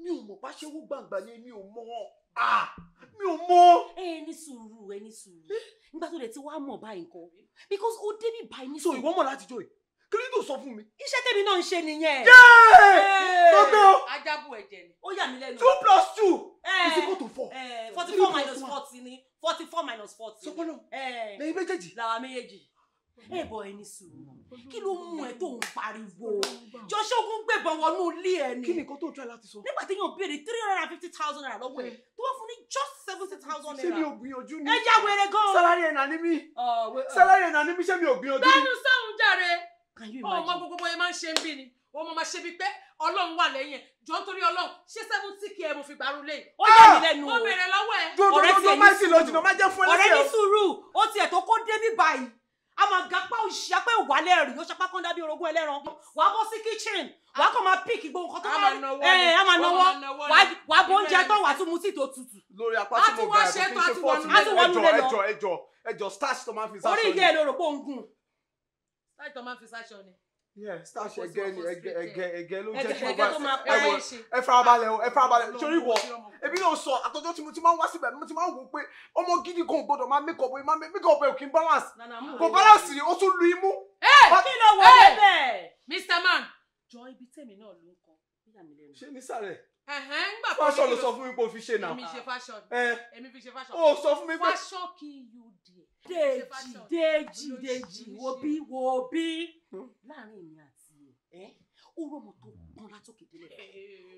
mi ò mọ̀ pàṣẹwó gbàǹgbà ni mi ò mọ̀ ọ́. Ah, mi ò mọ. ẹ ní sùúrù ẹ ní sùúrù nígbà tó dẹ̀ ti wá mọ̀ báyìí nǹkan because ó débi báyìí ní sùúrù. so ìwọ mọ̀ láti jó e kí ló tó sọ fún mi. iṣẹ́ tèmi náà ń ṣe nìyẹn. yéé gbogbo. ajabu ẹ̀jẹ̀ ni. ó yà mí lẹ́nu. two plus two. is equal to four. forty four minus forty ni forty four minus forty. sọpọ́nà lẹ́yìn méjèèjì. làwa méjèèjì. ẹ bọ ẹni sùúrù kí ló mú ẹ tó ń pariwo jọ́ṣọ́gun gbẹ̀bọ̀n wọnú ilé ẹ ni. kí ni kò tó try láti sọ. nígbà tí yóò béèrè three hundred and fifty thousand naira lọ́wọ́ ẹ̀ tó wọ́n fún ní just seventy thousand naira. Oh, oh. ṣé mi ò gbìyànjú ni. ẹ já wèrè gan. sálárì ẹ̀ nà mi sálárì ẹ̀ nà mi ṣé mi ò gbìyànjú ni. bẹ́ẹ̀ni sẹ́hùn jàre ọmọ gbogbo yẹn máa ń ṣe ń bí ni o mo ma ṣe bíi pé ọlọ́run wà lẹ́yìn ẹ̀ jọ nítorí ọlọ́run ṣé seventy k ẹ mo fi gbàrú lẹ́yìn. ó yà mí ah! lẹ́nu o ó bèrè lọ́wọ́ ẹ. ọ̀rẹ́ tiẹ̀ ní sùúrù ọ̀rẹ́ ní sùúrù ó tiẹ̀ tó kó dé ní báyìí a máa ga pa òṣìṣẹ́ apẹ́ ìwálẹ̀ rí ó ṣapá kan dábí orogún ẹlẹ́ran wà á bọ́ sí kitchen wà á kàn máa píìkì gbogbo nǹkan tó bá ẹ a máa náwó wà á bọ́ oúnjẹ tán wà á tún mu sí ìtòtútù. lórí apá tí mo ga ẹ̀ kò kí n ṣe fọ́ọ̀tì ẹjọ́ ẹjọ́ ẹjọ́ ẹjọ́ starch tó máa fi sáṣọ ni. orí ìyá ẹ lóòrò pé ó gùn. starch tó máa fi sáṣọ ni ẹgẹ ni ẹgẹ ẹgẹ ẹgẹ ló jẹ kí wọn bá ẹ wọ ẹ farabalẹ̀ o ẹ farabalẹ̀ sórí wọ ebi yóò sọ àtọjọ tí mo ti máa ń wá síbẹ̀ mo ti máa ń wò pé ọmọ gidi kan gbọ́dọ̀ máa make up máa make up ẹ kì í balance kò balance ni ó tún lu imú. ẹ kí ló wọ bẹ́ẹ̀ Mr. Man jọ ibi tèmi náà ló ń kọ ṣé nísàlẹ̀ fashion ló sọ fún mi pé o fi ṣe náà èmi ṣe fashion eh. èmi fi ṣe fashion o sọ fún mi pé fashion kì í yóò di ẹ. Dèjì Dèjì wo bí wo bí láàrin èmi àti ẹ orú ọmọ tó pọn látòkè délẹ̀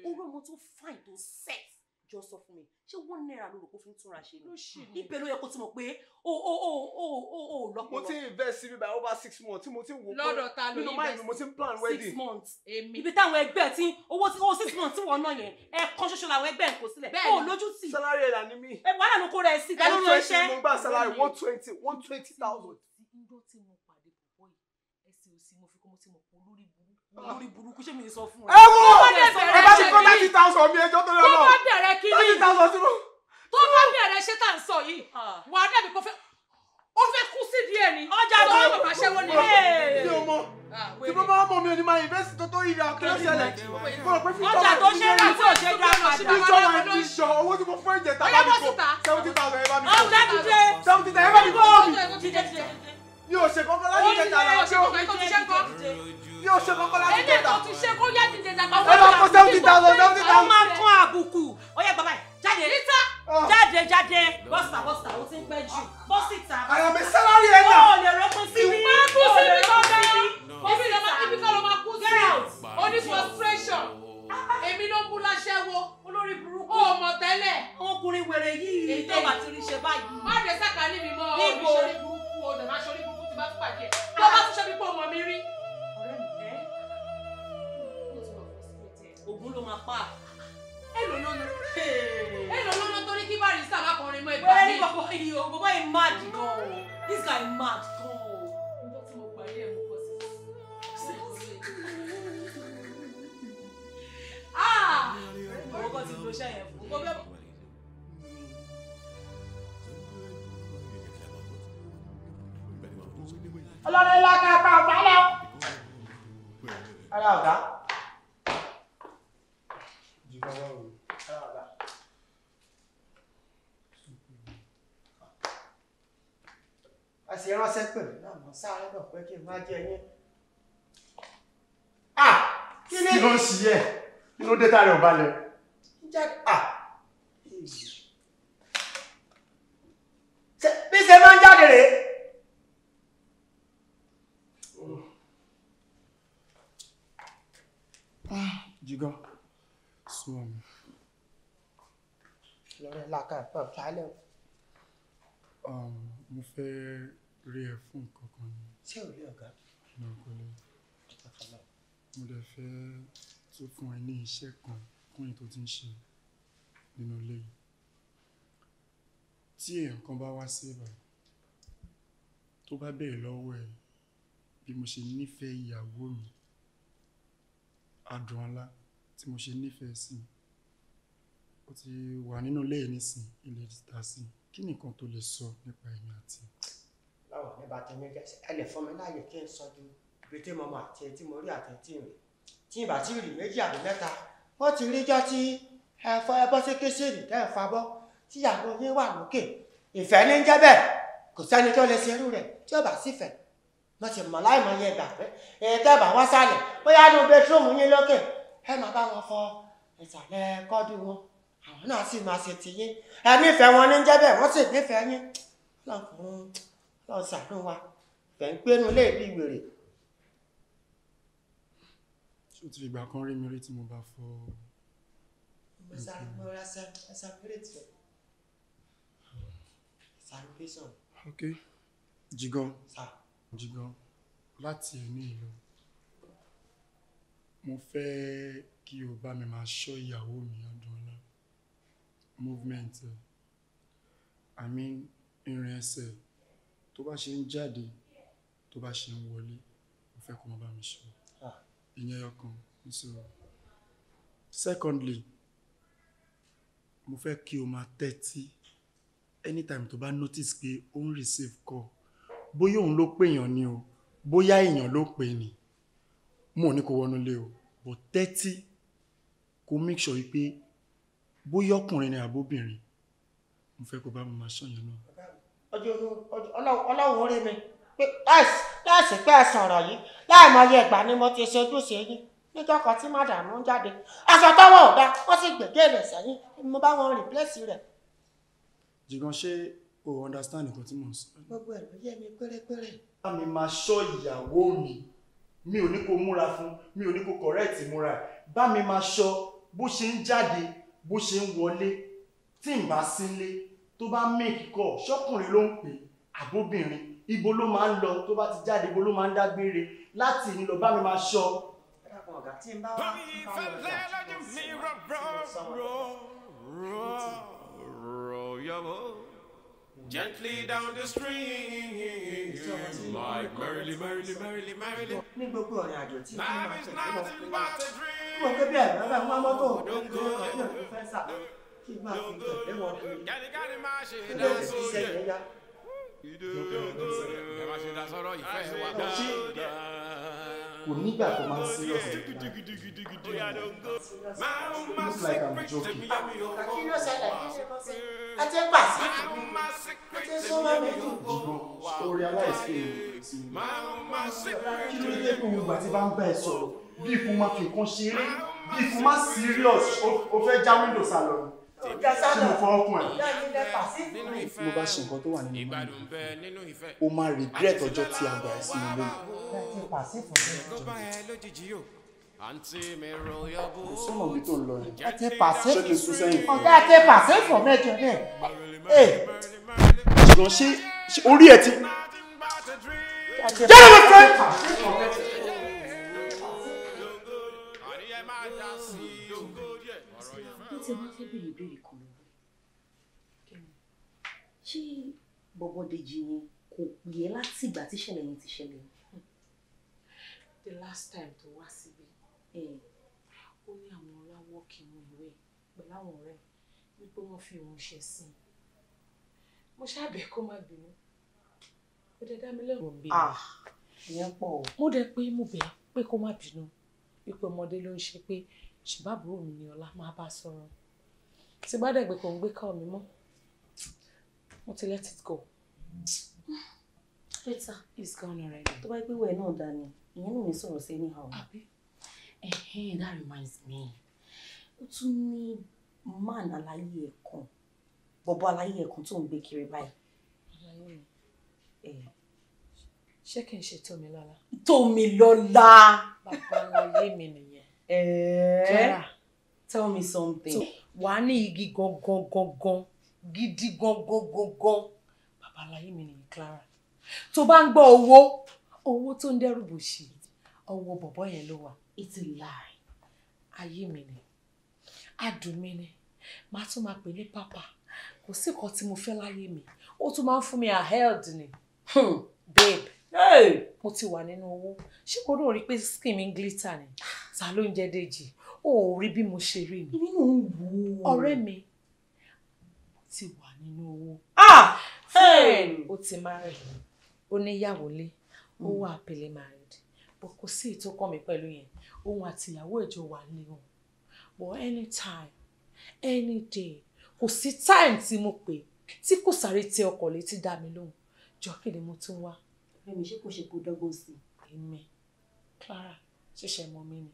orú ọmọ tó fàìn tó sẹ́t jọ sọ fún mi ṣé one naira ló rò kó fi ń túnra ṣe ni ibẹ̀ ló yẹ kó ti mọ̀ pé o o o o o o lọ́pọ̀lọ́. mo ti invest síbi by over six months tí mo ti wò pé lọ́dọ̀ ta ló nínú mo ti plan wedding. six months èmi. ibi táwọn ẹgbẹ́ tí owó tí owó six months tí wọ́n ná yẹn ẹ̀ẹ̀kan ṣoṣo làwọn ẹgbẹ́ ẹ̀ kò sílẹ̀ o lójú tì. salary ẹ̀yà ni mí. ẹ wàhálà ló kó rẹ̀ sí i. one twenty mo gbà salary one twenty one twenty thousand. lórí burúkú ṣé mi sọ fún ẹ. ẹ ẹ bá ti kọ́ láti ta mi ẹjọ́ tó lọ lọ tó bá bẹ̀rẹ̀ kí tó bá bẹ̀rẹ̀ ṣé tá à ń sọ yìí wàá dàbí kó fẹ́ ó fẹ́ kú sí díẹ̀ ni ọjà tó ń bọ̀ ṣẹ́wó ni. mi ò mọ ah, tí mo máa mọ mi ò ní máa invest tó tó ìrà kí ló ṣẹlẹ̀ mo rò pé ọjà tó ṣe rà tí ṣe dá padà. bí ìjọba ẹ ti owó tí mo fún ẹ̀jẹ̀ tá a seventy thousand ẹ bá mi kó seventy thousand ẹ bá mi kó mi mi ò ṣe kankan láti jẹta la. o ṣe kankan tó ti ṣe kọ. mi ò ṣe kankan láti jẹta. ẹni tó ti ṣe kó yá dìde dàgbà. ẹ máa kó seventy thousand seventy thousand. ó máa kún àbùkù ó yẹ bàbá yìí jáde. níta jáde jáde bọ́sà bọ́sà ó ti ń pẹ́ jù bọ́sì ta. àyàmì sálárì ẹ̀ náà. ó lè rọ́pọ̀ sí gbàdọ̀ pé kí n wá jẹ yín. Ah! kí ni ló ń ṣí ẹ kí ló dé tààrẹ ọba lẹ. bí ah, um. Lọ́rẹ́ lákàtúntà rí ẹ fún nǹkan kan ni. ṣé o rí ọ̀gá. ọ̀nà kò lè. mo lè fẹ́ tún fún ẹ ní iṣẹ́ kan kún èyí tó ti ń ṣe nínú ilé yìí. tí èèyàn kan bá wá sí ibà tó bá béèrè lọ́wọ́ ẹ bí mo ṣe nífẹ̀ẹ́ ìyàwó mi adùn ọlá tí mo ṣe nífẹ̀ẹ́ sí ó ti wà nínú ilé yìí nísìn ilé ti ta sí kí nìkan tó lè sọ nípa èmi àti ọ̀rọ̀ nípa tèmi jẹ́ ẹ lè fún mi láàyè kí n sọ ju ibi àti tí mo rí àti tí tí n ti rí méjì àbí mẹ́ta wọ́n ti ríjọ́ tí ẹ fọ sí kéṣìrì tẹ́ ẹ fa bọ́ tí ìyàwó yín wà lókè ìfẹ́ ní jẹ́ bẹ́ẹ̀ kò sẹ́ni tó lè ṣerú rẹ̀ tí ó sì fẹ́ mo sì mọ̀ láì mọ̀ yẹ ìgbà pé èyí tẹ́ wá sálẹ̀ bóyá nu bẹtírọ̀mù yín lókè ẹ máa bá wọn fọ ìsàlẹ̀ kọ́dù wọn àwọn náà sì máa ṣe tiyín ẹ nífẹ̀ẹ́ wọn ní jẹ́ bẹ́ẹ̀ wọ́n sì nífẹ̀ẹ́ yín láàfin lọ sàánú wa fẹ̀ ń gbénu lé bí wèrè. ṣé o ti fìgbà kan rí mi rí tí mo bá fọ. mo sáré mo ra sàmúrètì ẹ sàrúfẹsàn. ok jigan jigan láti ẹni ìlú mo fẹ́ kí o bá mi máa ṣọ́ ìyàwó mi ọdún ọ̀la movement i mean ìrìn ẹsẹ̀ tó bá ṣe ń jáde tó bá ṣe ń wọlé mo fẹ́ kó má bá mi ṣe ah. ìyẹn ọkàn mi secondly mo fẹ́ kí o máa tẹ́tí anytime tó bá notice pé ó ń receive call bóyá òun ló pèèyàn ni o bóyá èèyàn ló pè ní mo ní kó wọnú lé o but tẹ́tí kó make sure pé bóyá ọkùnrin ni àbóbìnrin mo fẹ́ kó bá mi máa ṣọ́yàn náà ọlọ́run rí mi láìsí pé ẹ sọ̀rọ̀ yìí láìmọye ẹ̀gbà ni mo ti ṣe ojúṣe yín níjọ́ kan tí mádàmú ń jáde aṣọ tọwọ́ ò dá wọ́n sì gbèdé rẹ̀ sẹ́yìn mo bá wọn rìpléṣì rẹ̀. jìgàn ṣé o understand nǹkan tí mò ń sọ. gbogbo ẹ̀ ló yé mi pérépéré. bá mi máa ṣọ́ ìyàwó mi mi ò ní kó múra fún mi ò ní kó kọ̀rẹ́ẹ̀tì múra bá mi máa ṣọ́ bó ṣe ń jáde bó ṣe ń wọlé tí n tó bá make call ṣọ́kùnrin ló ń pè àbóbìnrin ibo ló máa ń lọ tó bá ti jáde ibo ló máa ń dágbére láti ìní lọ bá mi máa ṣọ. Gently down the stream, like merrily, merrily, merrily, merrily. Ní gbogbo ọ̀rìn àjò tí mo máa ń tẹ̀lé lọ, mo kẹ́ bí ẹ̀rọ ẹ̀rọ mọ́tò, mo kẹ́ bí ẹ̀rọ fẹ́ sà kí máa fi tẹ̀lé wọn kiri ilé ẹ̀sìn iṣẹ́ yẹn yá. kò sí kò nígbà tó máa ń serious nígbà looks like I'm joking. àkíyèsí àdàkíyèsí kan sí àtẹ́pà sí àti sọ́wọ́ méjì dìbò orí aláìsí èèyàn kí ló dé pé gbogbo àti bá ń bá ẹ bí ikú máa fi nǹkan ṣeré bí ikú máa ó fẹ́ já windows àlọ́ ni mo fọ ọkùn ẹ̀ nínú ìfẹ́ mo bá ṣe nǹkan tó wà nínú ìgbádùn bẹ nínú ìfẹ́ o máa regret ọjọ́ tí a gbà sí ilé tó bá ẹ lójijì yóò àǹtí mi ro yọbú sọmọ mi tó ń lọ yẹn ẹ ti pàṣẹ ọgá ẹ ti pàṣẹ fọ mẹ́jọ náà ṣùgbọ́n ṣé orí ẹ ti jẹ́rọ mi fẹ́ ti wá fẹ́ béèrè ìbéèrè kan lọ́wọ́ ṣé bọ́bọ́déjì yẹn kò pè é láti ìgbà tí ìṣẹ̀lẹ̀ yẹn ti ṣẹlẹ̀ yẹn. the last time to wá síbi ó ní àwọn ọláwọ́ kì í mú ìwé pẹ̀lú àwọn ọ̀rẹ́ wípé wọ́n fi òun ṣe sí i mo ṣàbẹ̀ kó má bínú ó dẹ̀ dá mi lẹ́rùn bí i. mo dẹ̀ pé mo bẹ̀ pé kó má bínú wípé ọmọdé ló ń ṣe pé ṣùgbọ́n àbúrò mi ni ọlá máa bá sọ̀rọ̀ tí bá dẹ̀ gbé kò ń gbé kọ́ mi mọ́ mo ti let it go. Peter it's gone already. tó bá gbé wẹ̀ náà dání ìyẹn náà ní sọ̀rọ̀ sí anyhow. àbí that reminds me ó tún ní man aláyé ẹ̀kan bọ̀bọ̀ aláyé ẹ̀kan tó ń gbé kiri báyìí. aláyé ẹ̀ eh. ṣé kí n ṣe Tómilọ́lá. Tómilọ́lá. bàbá wọn mi nìyí. Jara eh? tell me something. wàá ní igi gangan gangan gidi gangan gangan babaláyé mi nìyí Clara tó bá ń gbọ́ owó owó tó ń dẹ́rù bò sí ọwọ́ bọ̀bọ́ yẹn ló wà it's a lie ayé mi ni adùn mi ni màá tún máa pè ní pápá kò sí nǹkan tí mo fẹ́ láyé mi ó tún máa ń fún mi a ni hmm, babe mo ti wà nínú owó ṣé kò rò rí pé skin mi glitter ni ta ló ń jẹ Déjì o ò rí bí mo ṣe rí ni ọ̀rẹ́ mi mo ti wà nínú owó ó ah! ti máa rẹ̀ ó níyàwó lé ó wà àpèlé married but kò sí ìtókàn mi pẹ̀lú yẹn òun àtìyàwó ẹ̀jọ̀ wà ní òun but anytime any day kò sí time tí mo pè tí kò sáré tẹ ọkọ̀ létí dá mi lóhùn jọ́kì ni mo tún wá Fẹ́mi ṣé kò ṣe kó dọ́gbọ́n sí. Èmi Clara ṣẹ̀ṣẹ̀ mọ mi ni.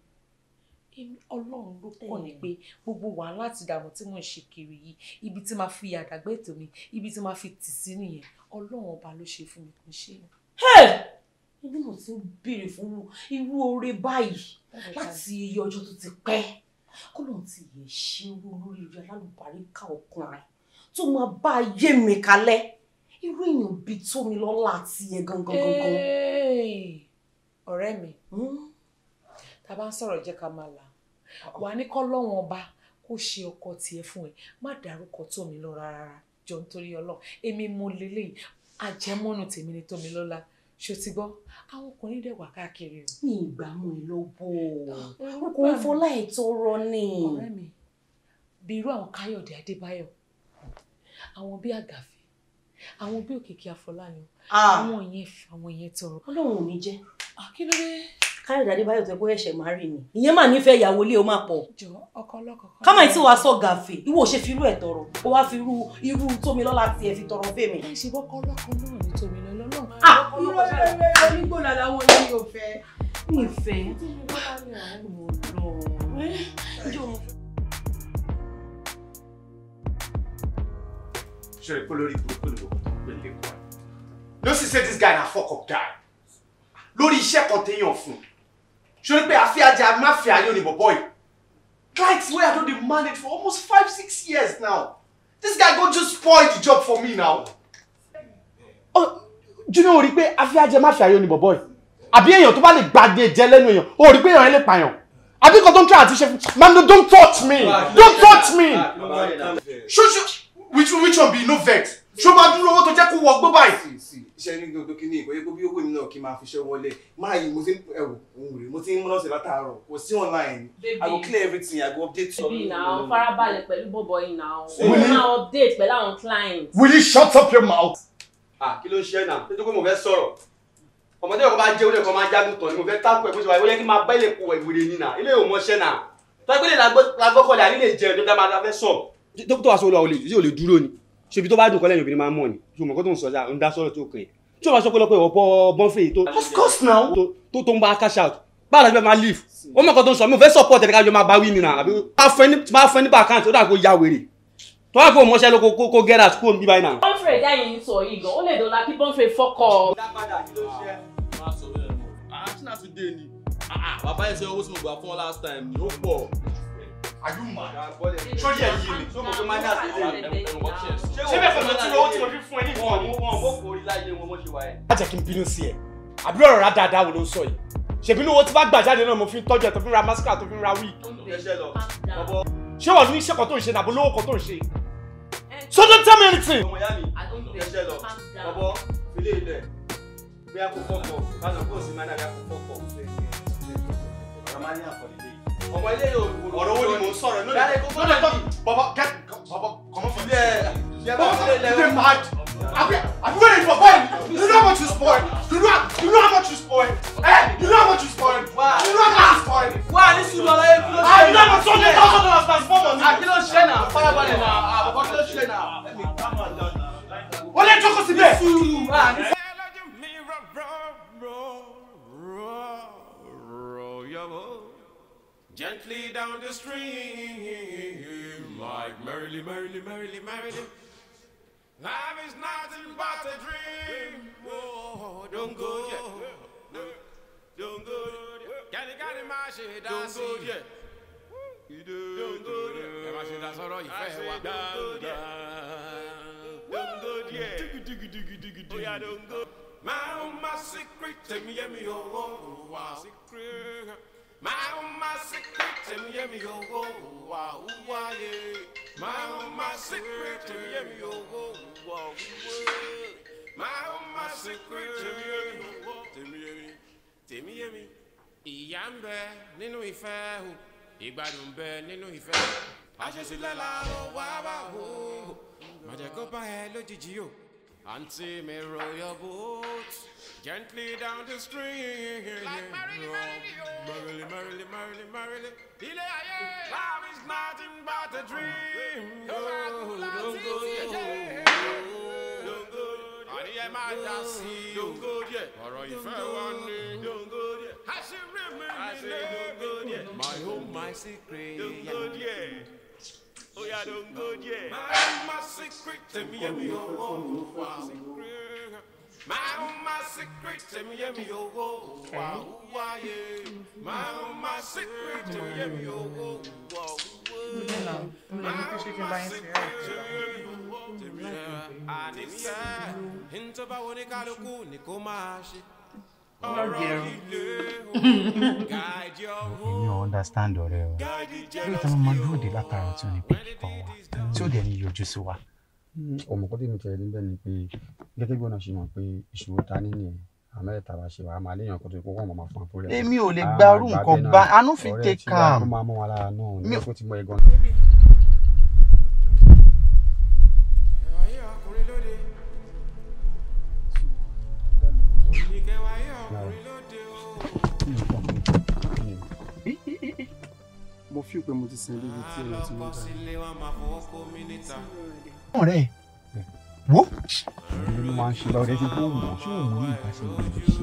Èmi Ọlọ́run ló kọ̀ ní eh. pé gbogbo wàhálà àti ìdààmú tí mò ń ṣe kiri yìí ibi tí máa fi àdàgbẹ́ ètò mi ibi tí máa fi tì sí nìyẹn Ọlọ́run ọba ló ṣe fún mi kò ṣe é. Ibi mo ti ń béèrè fún irú oore báyìí láti iye ọjọ́ tó ti pẹ́ kó lóun ti yẹ̀ ṣe irú olórí alálùbáríkà ọkùnrin tó máa bá ayé mi kalẹ̀ irú èèyàn bíi tómi lọ́la àti ẹ̀ gangan gangan. ọ̀rẹ́ mi hmm? tá a bá ń sọ̀rọ̀ jẹ́ ká máa là wà ní kọ́ lọ́wọ́n ọba kó ṣe ọkọ tiẹ̀ fún ẹ má dárúkọ tómi lọ rárá jọ nítorí ọlọ́run èmi mo lélẹ́yìí àjẹmọ́nù tèmi ni tómi lọ́la ṣe ti gbọ́ àwọn ọkùnrin dẹ̀ wà káàkiri o. ní ìgbàmú ìlóbó kò ń fọlá ìtọrọ ni. ọ̀rẹ́ mi bí irú àwọn káyọ̀dé adébáyọ̀ àwọn bí àgàfẹ́ àwọn bí òkìkí àfọláyàn ah. àwọn yẹn àwọn yẹn tọrọ. ọlọ́run ò ní jẹ́. akíndélé. káyọ̀dé adébáyọ̀ tó ẹgbẹ́ ẹ̀ṣẹ̀ máa rí mi ìyẹn máa nífẹ̀ẹ́ ìyàwó ilé o máa pọ̀. jọ ọkọ lọkọọkọ. kámá yìí tí wàá sọ gàfè ìwọ ò ṣe fi irú ẹ̀ tọrọ ó wá fi irú irú tómilọ́lá tiẹ̀ fi tọrọ fèmí. ẹ ṣe bọ́kọ lọ́kọ náà ní tómilọ́lá ah! náà. ah irú ẹ̀rẹ̀ onígbòlá làwọn yìí ò fẹ́. mi ì ṣe rẹ pé lórí burúkú ni gbogbo this guy na fuck up guy lórí iṣẹ́ continue téèyàn fún ṣe rẹ pé àfíàjà máfíà yóò ní bọ̀bọ̀ yìí clients wey I don dey manage for almost five six years now this guy go just spoil the job for me now. junior oh, ò rí pé àfíàjà máfíà yóò ní bọ̀bọ̀ yìí àbí èèyàn tó bá lè gbàgbé jẹ lẹ́nu èèyàn ò rí pé èèyàn lè pààyàn àbí kan tó ń try àti ṣe fún man don't touch me don't touch me. ṣoṣo which which one be no vex ṣó máa dúró owó tó jẹ́ kó wọ gbó báyìí. iṣẹ́ ní gbogbo kí ni ìkọ́yé pé bí owó mi náà kí n máa fi ṣe wọlé máa yìí mo ti ń ẹ̀wò òun rèé mo ti ń múná sí látàárọ̀ kò sí online i go clear everything i go update you. bíi náà farabalẹ̀ pẹ̀lú bọ́bọ̀ yìí náà o máa update pẹ̀lú àwọn clients. will you shut up your mouth. ah kí ló ń ṣe náà nítorí pé mo fẹ́ sọ̀rọ̀ ọmọdé ọkọ máa jẹ olè kan máa jágun tán ni mo fẹ́ tákù ẹ̀ bó ṣe wà ìwọlé kí n máa bá ilé kó ìwúre nínà ilé ò mọṣẹ́ náà tọ́gbẹ́lẹ̀ làgbọ́kọ̀lẹ̀ àlílè jẹ́ ọjọ́ tá a máa fẹ́ sọ̀rọ̀ dókítà wa sọ lọ olè yóò lè dúró ni ṣebi tó bá dùn kọ́ lẹ́yìn obìnrin máa ń mọ̀ ni ṣùgbọ́n kó tó ń sọ ṣá ń dá sọ́rọ̀ tó kàn yẹn tí o bá sọ pé lọ́pọ̀ ìwọ̀pọ̀ bọ́ńfẹ̀ yìí tó. of course now. tó tó ń bá cash out báwo la ṣe fẹ́ máa leave ó mọ̀ kó tó ń sọ mi ò fẹ́ support ẹ̀ka jọ máa bá wí mi nà àbí máa fẹ́ nípa account ó dà kó ya wèrè tó wà pé òun mọṣẹ́ ló kó get out kó n bí báyìí nà. bọ́ńfẹ̀ ìdá yìí ń sọ yìí gan ó lè dọ̀la Are you mad? Sọ́jí ẹ̀ yé mi. Sọ́mọ̀ tó máa ń dàbí ilé rẹ̀. Ṣé bẹ́ẹ̀ fọ̀nà tí lówó tí mo fi fún ẹ ní ìfọ̀n? Wọ́n wọ́n kò rí láyé wọn wọ́n ṣe wá ẹ̀. Má jẹ́ kí it. bínú sí ẹ. Àbúrò ọ̀rọ̀ rà dáadáa wo ló ń sọ yìí? Ṣèbí ní owó tí bá gbà jáde náà mo fi ń tọ́jú ẹ̀ tó fi ń ra mascara tó fi ń ra wig. Ṣé wọ́n ní iṣẹ́ kan tó ń ṣe nàbó lówó kan tó ń ṣe? Eh, so don't tell me anything. Ọmọ ìyá mi, ẹ̀ṣẹ̀ lọ, ọ̀bọ, ilé ilẹ̀, bí a kò fọ́kọ̀, bá a sọ pé máa ń dàbí a kò fọ́kọ̀ ọmọ ilé yóò wò ọ̀rọ̀ wo ni mò ń sọ̀rọ̀ lónìí yàrá ìkókó náà bí bọ̀bọ̀ kẹ́ bọ̀bọ̀ kọ́mọ́ fún mi. bọ̀bọ̀ sọ ilé mad àbí wẹ́rẹ̀ ìfọ̀ bọ́ọ̀lù you know how much you spoil you know you know how much you spoil eh you know how much you spoil you know how much you spoil. wà á ní sùúrù ọ̀la yẹn kí ló ṣe. àbí náà mo sọ ní thousand dollars transform on me. Ah, àbí ló ṣe náà farabalẹ̀ náà ah, àbọ̀bọ̀ kí ló ṣe náà. wọ́n lè jókòó síbẹ̀. sùúrù àbí. Ah, Gently down the stream, like merrily, merrily, merrily, merrily. Life is nothing but a dream. Oh, don't go yet. Don't go yet. Got it, got it, my shit. Don't go yet. Don't go yet. My shit, that's all you fair. Don't go yet. Don't go yet. Diggy, diggy, diggy, diggy, diggy. Oh, yeah, don't go. My, my secret. Tell me, yeah, me, oh, oh, oh wow. Secret. My secret, tell me yo go, wah wah My own my secret, tell me yo go, wah My own my secret, tell me yo go, tell me yo, tell me yo. Ìyà ń bẹ nínú ìfẹ́ o, ìgbádùn bẹ nínú ìfẹ́. Àṣesílẹ̀ la ó wá bá wò ó, màjẹ̀ bá ẹ lójijì o. see me roll your boots gently down the stream. Like merrily, merrily, oh. Merrily, merrily, merrily, merrily. Love is nothing but a dream. don't go Don't go don't go, don't go, Don't go yet. Or if I want it. Don't go don't go, I say don't go yet. My home, my secret. Don't go go, Oh, yeah, don't go there. Mind my secret, tell me, yeah, me, oh oh, oh, oh, wow. My my secret, tell me, oh, yeah, me, oh, oh, wow, wow, yeah. Mind my secret, tell me, yeah, me, oh, oh, wow. Não, não é que cheguei lá em Anytime, hinta ba woni kaluku ni ko ma ṣe. èmi ò understand ọ̀rẹ́ o lórí táwọn máa dúró de látara tí ò ní pèkì kan wa tí ò dẹ̀ ní yọjú sí wa. ọmọ kọ́tí mi tẹ̀lé níbẹ̀ ni pé gẹ́gẹ́ bí ọ̀nà ṣe mọ̀ pé ìṣòro ta ní nìyẹn àmọ́ ẹ̀ta wa ṣe wà á máa léèyàn kó tó kó wọ́n máa fún apólẹ́. èmi ò lè gbarú nǹkan bá anú fi tẹ ká. ọ̀rẹ́ tí wàá kó máa mọ́ wa lára náà ní kó ti mọ ẹ̀gán. fíò pé mo ti sìn lójú tí ọ̀rọ̀ ti mú dáa. ọ̀rẹ́ wo. èmi ló máa ń ṣe báwo dẹ́tí bóun mọ̀ ṣé òun ní ìbáṣe ìgbìmọ̀ ṣe.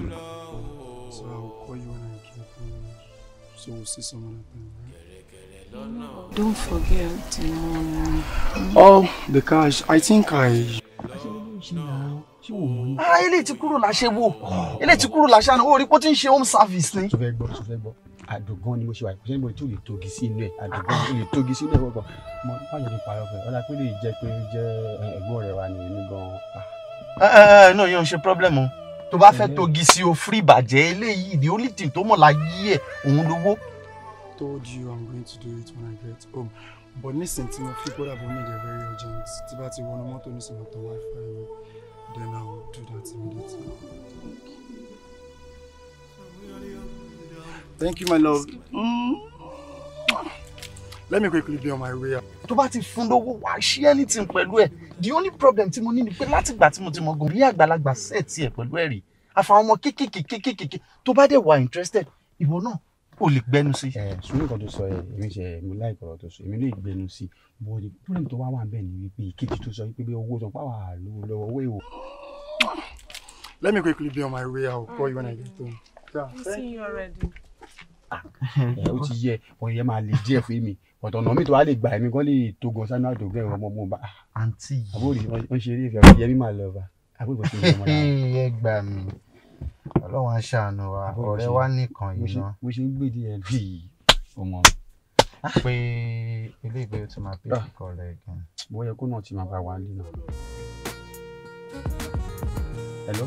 so i will call you when i get home so we will see someone at home. Don't forget Oh, the cash. I think I. Ah, ilé ti kúrò láṣẹ wo. Ilé ti kúrò láṣẹ àná. Ó rí pé ń ṣe home service ni. Tó fẹ́ gbọ́, tó fẹ́ gbọ́ àdògán ni mo ṣe wà kò sẹ́ni mo tún lè togi sí inú ẹ̀ àdògán mo lè togi sí inú ẹ̀ gbọ́gbọ́ mo má yẹ kí parọ́ fẹ́ ọ̀la pé lè jẹ́ pé ó jẹ́ ẹ̀gbọ́n rẹ̀ wà nìyẹn gan-an. ẹ ẹ náà yóò ṣe problem tó bá fẹ́ togi sí o fúrí ìbàjẹ́ eléyìí the only thing tó mọ̀ la ẹ̀ òun lówó. told you i'm going to do it when i get home but nísìnyí tí mo fi kódà bọ́ nídìí very urgent tí bá ti wọnú mọ́tò nísìnyí mo tán wáífà mi then i will do that immediately. Thank you, my love. Mm. Let me quickly be on my way. Tó bá ti fún lówó, wá ṣe anything pẹ̀lú ẹ̀. The only problem tí mo ní ni pé láti ìgbà tí mo ti mọ gan, rí àgbàlagbà sẹ́ẹ̀tì ẹ̀ pẹ̀lú ẹ̀rí. Àfàwọn ọmọ kéékèèké kéékèèké tó bá dẹ̀ wà interested, ìwọ náà o lè gbẹnu sí. ẹ sùn nǹkan tó sọ ẹ èmi ṣe mo láì kọ̀rọ̀ tó sọ èmi lè gbẹnu sí bó ni problem tó wá wà bẹ́ẹ̀ ni wípé ìkejì tó sọ wípé owó sọ pàwọ́ àlówó lọ́wọ́ owó èèwọ̀. Let me quickly be on my way. I will call you when I get home. Yeah. We'll see you already. [laughs] ó ti yẹ ọ̀rọ̀ yẹn máa le díẹ̀ fún mi ọ̀tọ̀ ọ̀nà mi tó wá lè gbà mí kán lè tó gan sanu àdógún ẹ̀rọ ọmọ ọmọọba. àǹtí yìí àbúrò wọn ṣe eré ìfẹ́ ọ̀rọ̀ yẹn mi máa lọ bá àbúrò tó ń bọ̀ ọmọ náà. ẹ gbà mí ọlọ́run á ṣàánú wa ọ̀rẹ́ wa nìkan yìí ná. mo ṣe ń gbèdí ẹ bí ọmọ mi. Ah! pé ilé ìgbé tó máa pè ah! kíkọ rẹ gan. bóyá kó náà ti máa bá wa lé náà. hello.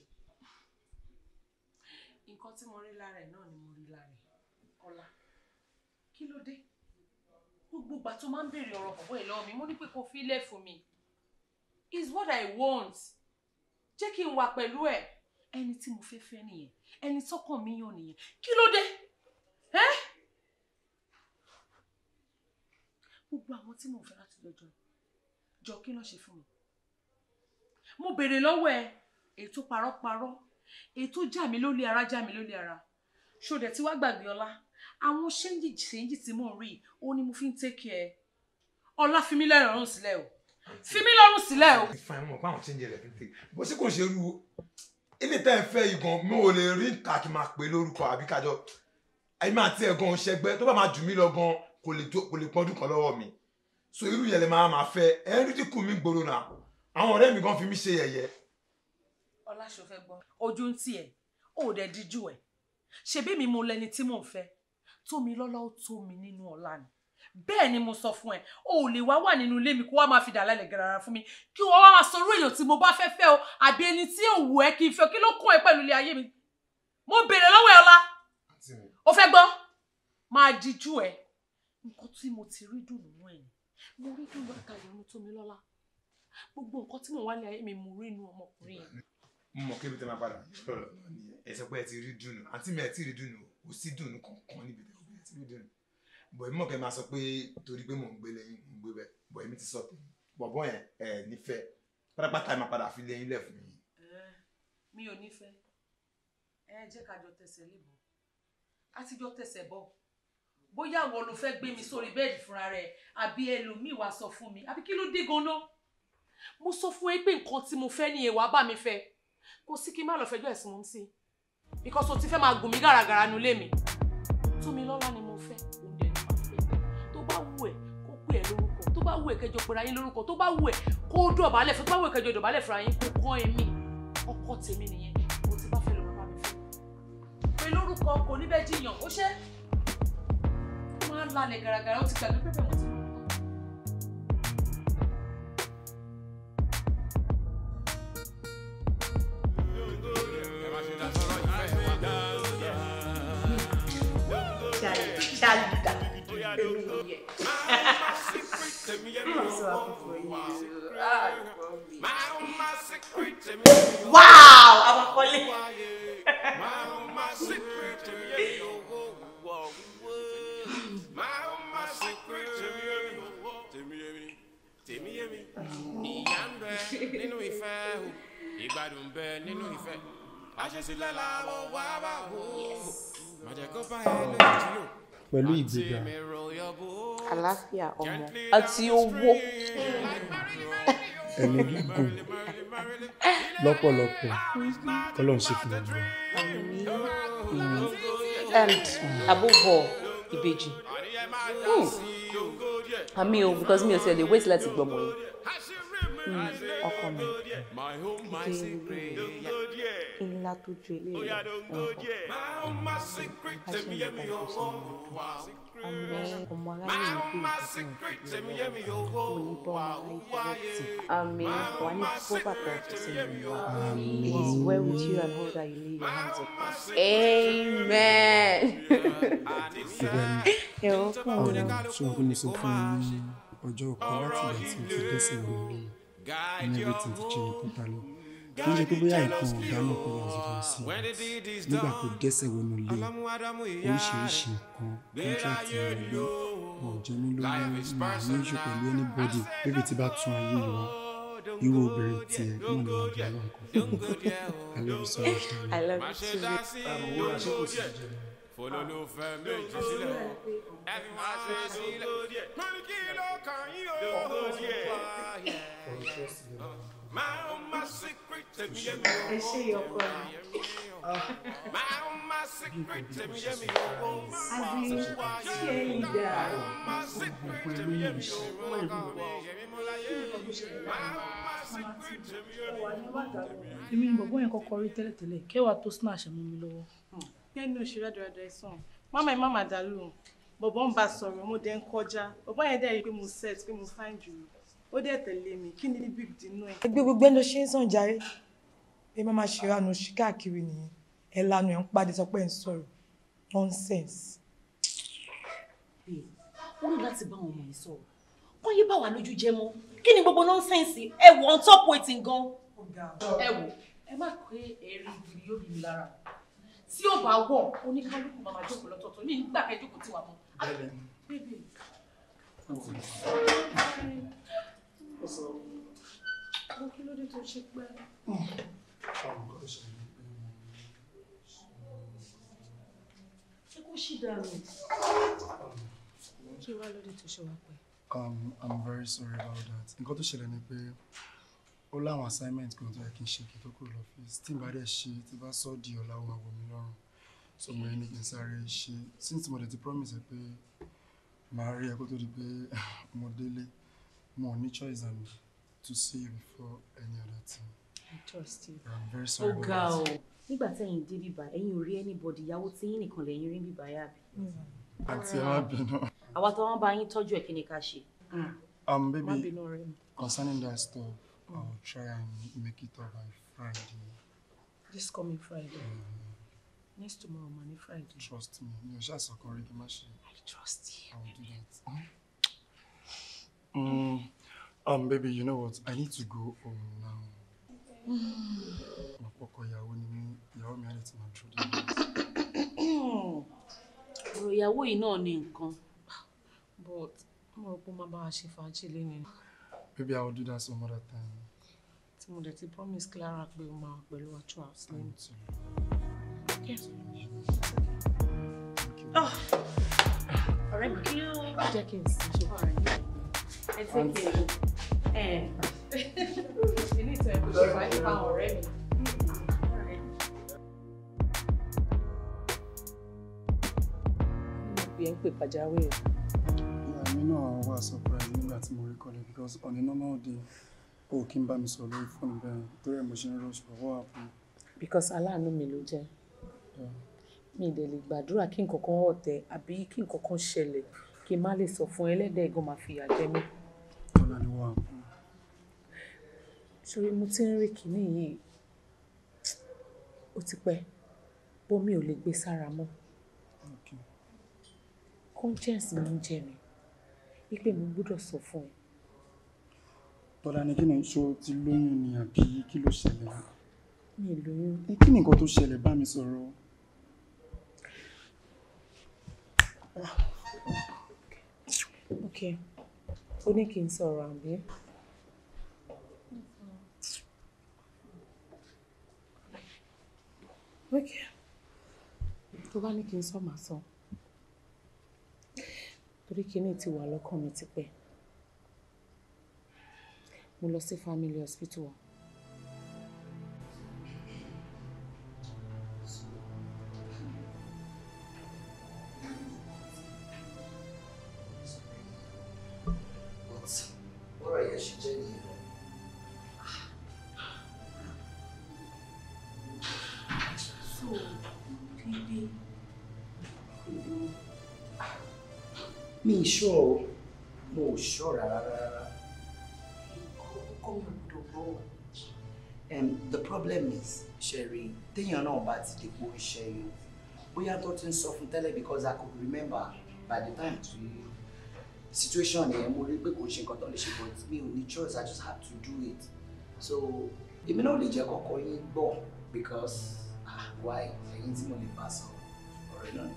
ìgbà tó máa ń béèrè ọ̀rọ̀ bọ̀bọ̀ ẹ̀ lọ́wọ́ mi mo ní pé kò fi fún mi is what I want jẹ́ kí n wà pẹ̀lú ẹ̀ ẹni tí mo fẹ́ fẹ́ nìyẹn ẹni tọ́kàn mi yàn nìyẹn kí ló dé ẹ́ gbogbo àwọn tí mo fẹ́ láti lọ́jọ́ jọ kí ló ṣe fún mi mo béèrè lọ́wọ́ ẹ ètò parọ́parọ́ ètò jà mí lólè ara jà mí lólè ara ṣó dẹ̀ tí wàá gbàgbé ọlá àwọn ṣéǹjì ṣéǹjì tí mò ń rí ó ní mo fi ń take care ọlá fi mí lọ́rùn sílẹ̀ o fi mí lọ́rùn sílẹ̀ o. ìfà ìmọ̀ pé àwọn ṣéǹjì rẹ̀ fi tè bó sì kò ṣe rú ilé tẹ́ ń fẹ́ ìgàn mi ò lè rí nǹkan kí n máa pè lórúkọ àbí kájọ ẹ̀mí àti ẹ̀gàn ṣẹgbẹ́ tó bá máa jù mí lọ gan kò lè pọ́n dúkan lọ́wọ́ mi so irú yẹn lè máa máa fẹ́ ẹ̀ ń rí dínkù mi gbòòrò náà àwọn ọ̀rẹ́ mi gan fi mí ṣe yẹ̀yẹ́ ọlásòfẹ gbọ́ ojú ń tiẹ̀ ó díjú ẹ̀ ṣebí mi mo lẹni tí mò ń fẹ́ tómi lọ́lá ó tómi nínú ọ̀la ni bẹ́ẹ̀ ni mo sọ fún ẹ o ò lè wá wà nínú ilé mi kó wá máa fi dà lálẹ́ gàràrà fún mi kí wọ́n wá sọ orú èèyàn tí mo bá fẹ́ fẹ́ o àbí ẹni tí ò wù ẹ́ kí n fẹ́ kí ló kún ẹ pẹ̀lú ilé ayé mi mo béèrè lọ́wọ́ ẹ ọ̀la o fẹ́ gbọ́ máa dijú ẹ nǹkan tí mo ti rí dùn nínú ẹ̀ mo rí dùn lọ́kàlẹ̀ ọ̀run tómi lọ́lá gbogbo nǹkan tí mo wá ní ayé mi mo rí inú ọmọkùnrin yẹn. mo mọ kébi máa padà ẹsẹ pé ẹ ti rí dùnú àti bídìrín bọ̀ èmi mọ̀ pé máa sọ pé torí pé mò ń gbé lẹ́yìn mò ń gbé bẹ́ẹ̀ bọ̀ èmi ti sọ tèmi bọ̀bọ̀ yẹn ẹ̀ nífẹ̀ẹ́ pátápátá máa padà fi lẹ́yìn lẹ̀ fún mi. Eh, mi ò nífẹ̀ẹ́ ẹ jẹ́ ká jọ tẹsẹ̀ lébọ̀ a ti jọ tẹsẹ̀ bọ̀ bóyá wọ́n ló fẹ́ gbé mi sórí bẹ́ẹ̀dì fúnra rẹ̀ àbí ẹlòmíì wàá sọ fún mi àbí kí ló dé ganan mo sọ fún ẹ pé nǹkan tí mo fẹ́ ni ìwà bá mi fẹ́ kò sí kí n má lọ fẹjọ́ ẹ̀sùn mọ́ sí i o ti fẹ́ máa gùn mí gàràgàrà nulẹ̀ mi fẹ́ òun dẹ̀ ló máa fẹ́ tó bá wù ẹ́ kó pè ẹ́ lórúkọ tó bá wù ẹ́ kẹjọ pera yín lórúkọ tó bá wù ẹ́ kó dọ̀bálẹ̀ fún tó bá wù ẹ́ kẹjọ dọ̀bálẹ̀ fúnra yín kó kọ́ ẹ̀mí ọkọ tèmi nìyẹn mo ti bá fẹ́ lọ́wọ́ bá mi fẹ́ pé lórúkọ kò ní bẹ́ẹ̀ jiyàn ó ṣe ó máa ń lalẹ̀ gàràgàrà ó ti gbàgbé pẹ́pẹ́ mo ti mú wow, I'm a colleague. tèmiyémi pẹ̀lú ìgbéga àlàáfíà ọmọ àti owó ẹ̀mí gígùn lọ́pọ̀lọpọ̀ tọ́lọ́ ń ṣe fún ọjọ́. and above all ìbejì hmm. àmì o because mi ò tiẹ̀ lè wait láti gbọ́mọ yìí pé hmm, ọkọ mi ìdí ìrìnlẹ̀ kí n la tó ju ilé rẹ̀ ọ̀pọ̀ aṣèǹkà ọ̀sán ọmọ aráyé ìgbé ìsìn ìwọ òyìnbó aráyé ti àmì wà ní kó bàtà sí ìwà it is well with you and all that you lay your hands upon amen. [laughs] ẹ̀rọ fún ọ̀rọ̀ tí wọ́n fún ní sọ fún ọjọ́ ọ̀pọ̀ láti ìgbà tí mo ti dẹ́sẹ̀ wọn lórí ní everything ti change totally kí n ṣe pé bóyá ìkan ọ̀gá náà kò wá sí kan sí nígbà tó gẹ́sẹ̀ wọnú ilé oríṣiríṣi nǹkan contract ìrìnlẹ̀ ọ̀jọ́ mi ló ní ìṣù pẹ̀lú anybody bébí tí bá tún ayé wọn irú obìnrin tiẹ̀ náà ni ọ̀gá náà kò fún un. I love you so much. I love you too olólùfẹ́ méjì sílẹ̀ o ẹ fi máa ṣe sílẹ̀ mo ní kí ló kàn yín o my own my secret tèmi yé mi o my own my secret tèmi yé mi o my own my secret tèmi yé mi o my own my secret tèmi yé mi o. èmi ni bọ̀bọ́ yẹn kọ́kọ́ rí tẹ́lẹ̀tẹ́lẹ̀ kẹwàá tó snatch mú mi lọ́wọ́ lẹ́nu oṣù rẹ́dọ̀rẹ́dọ̀ ẹ̀sán mama ìmá màdà lóhùn bọ̀bọ̀ ń bá sọ̀rọ̀ mo dẹ̀ ń kọjá bọ̀bọ̀ yẹn dẹ̀ rí pé mo set pé mo fine jù ó dẹ̀ tẹ̀lé mi kí ni big dínú ẹ̀. ẹgbẹ́ gbogbo ló ṣe ń sàn jàre pé Mama má ṣe ránu ṣí káàkiri nìyẹn ẹ lanu ẹ̀ ń pàdé sọ pé ẹ̀ ń sọ̀rọ̀ nonsense. ó ní láti bá àwọn ọmọ yìí sọ̀rọ̀ kán yé bá wà lójú jẹ mọ́ kí ni gbogbo nonsense ẹ wọ on top waiting gan. ẹ wò ẹ má pé ẹ̀rí ìdìrí yóò bí mi lára tí ò bá wọ̀ oníkálukú máa jókòó lọ́tọ̀ọ̀tọ̀ ní nígbà kẹjọkọ̀ tí wà mọ́. Ah, mo um, I'm very sorry about that. Nǹkan tó ṣẹlẹ̀ ni pé ó láwọn assignment kan tó yẹ kí n ṣe kí n tó kúrò lọ́fíìsì tí n bá dẹ̀ ṣe tí bá sọ di ọ̀la ó máa wọ̀ mí lọ́rùn so mo yẹ kí n sáré ṣe since mo dẹ̀ ti promise pé màá rí ẹ tó di pé [laughs] mo délé mo ní choice and to see you before any other thing. I trust you. I'm very sorry oh, about that. Nígbà tẹ́yìn dé bíbá, ẹ̀yin ò rí anybody, ìyàwó tí yín nìkan lẹ́yìn rí bíbá yá bí. Àti ẹ má Àwa tó wọ́n bá yín tọ́jú ẹ̀ kí ni ká ṣe. Um, baby, concerning that stuff, I'll try and make it up by Friday. This coming Friday? Yeah. Next tomorrow, money Friday. Trust me. You're just a the machine. I trust you. I'll do that. Hmm? Mm. Um, baby, you know what? I need to go home now. Mm. Ọkọ ìyàwó ni mí, ìyàwó mi [coughs] but mo rò pé ó máa bá Maybe I will do that some other time. Tí mo dẹ̀ ti promise Clara Be o máa wà pẹ̀lú wa throughout the night. Yes. Oh. Ọ̀rẹ́ mi kí ló jẹ́ kí n sìn ṣe fún ààrẹ yìí? Ẹ ti kí n ẹ̀ ṣe ní ìtàn ẹ̀kọ́ ṣe èmi náà wà surprise nígbà tí mo rí kọ́lé because on a normal day o kì í bá mi sọ̀rọ̀ lórí fóònù bẹ́ẹ̀ torí ẹ̀ mo ṣe ń rush for what happen. because aláàánú mi ló jẹ́ mi ì dẹ̀ lè gbàdúrà kí nǹkan kan ọ̀tẹ̀ àbí kí nǹkan kan ṣẹlẹ̀ kí n má lè sọ fún ẹlẹ́dẹ̀ gan máa fìyà jẹ mí. ọ̀la ni wọ́n á kú. sori mo ti ń rí kinní yìí ó ti pẹ́ bó mi ò lè gbé sára mọ́ conscience mi ń jẹ mi wípé mo gbọ́dọ̀ sọ fún ẹ. Tọ́lá ni kí ni ṣó ti lóyún ni àbí kí ló ṣẹlẹ̀? Mi lóyún. Kí ni tó ṣẹlẹ̀ bá mi sọ̀rọ̀? Ok, ó ní kí n sọ̀rọ̀ àbí? Ok, tó bá ní kí n sọ màá sọ torí kíní ti wà lọ́kàn mi tipẹ́ mo lọ sí family hospital sure o mo ò sure rárá rárá. kókó mi dògbò. the problem is ṣẹ̀rí téèyàn náà bá ti dìbò ìṣẹ́yìn bóyá tó ti ń sọ fún tẹ́lẹ̀ because I could remember by the time to situation yẹn mo rí pé kò ṣe nǹkan tó lè ṣe but me, ò ní choice I just had to do it so èmi náà lè jẹ́ kọ́kọ́ yín gbọ́ because ah why ẹ̀yin tí mo lè bá sọ ọ̀rẹ́ náà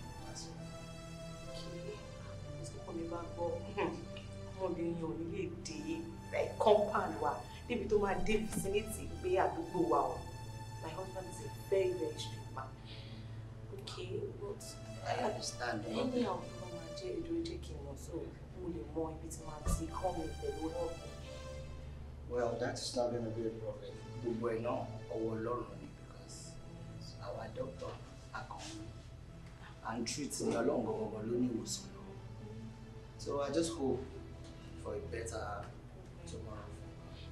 mi bá gbọ́ ọmọbìnrin ò ní lè dé compound wa débi tó máa dé vicinity pé àdúgbò wa o my husband is a very very strict man okay but I understand ẹni àwọn ọmọ máa jẹ ìjọ jẹ kí n mọ so mo lè mọ ibi tí màá ti kọ́ mi pẹ̀lú ọ̀gbìn. well that is not gonna be a problem gbogbo ẹ náà ọwọ́ Ọlọ́run ni because our doctor akọni and treat ni Ọlọ́run gbọgbọgbọ ló ní ìwòsàn. So I just hope for a better tomorrow.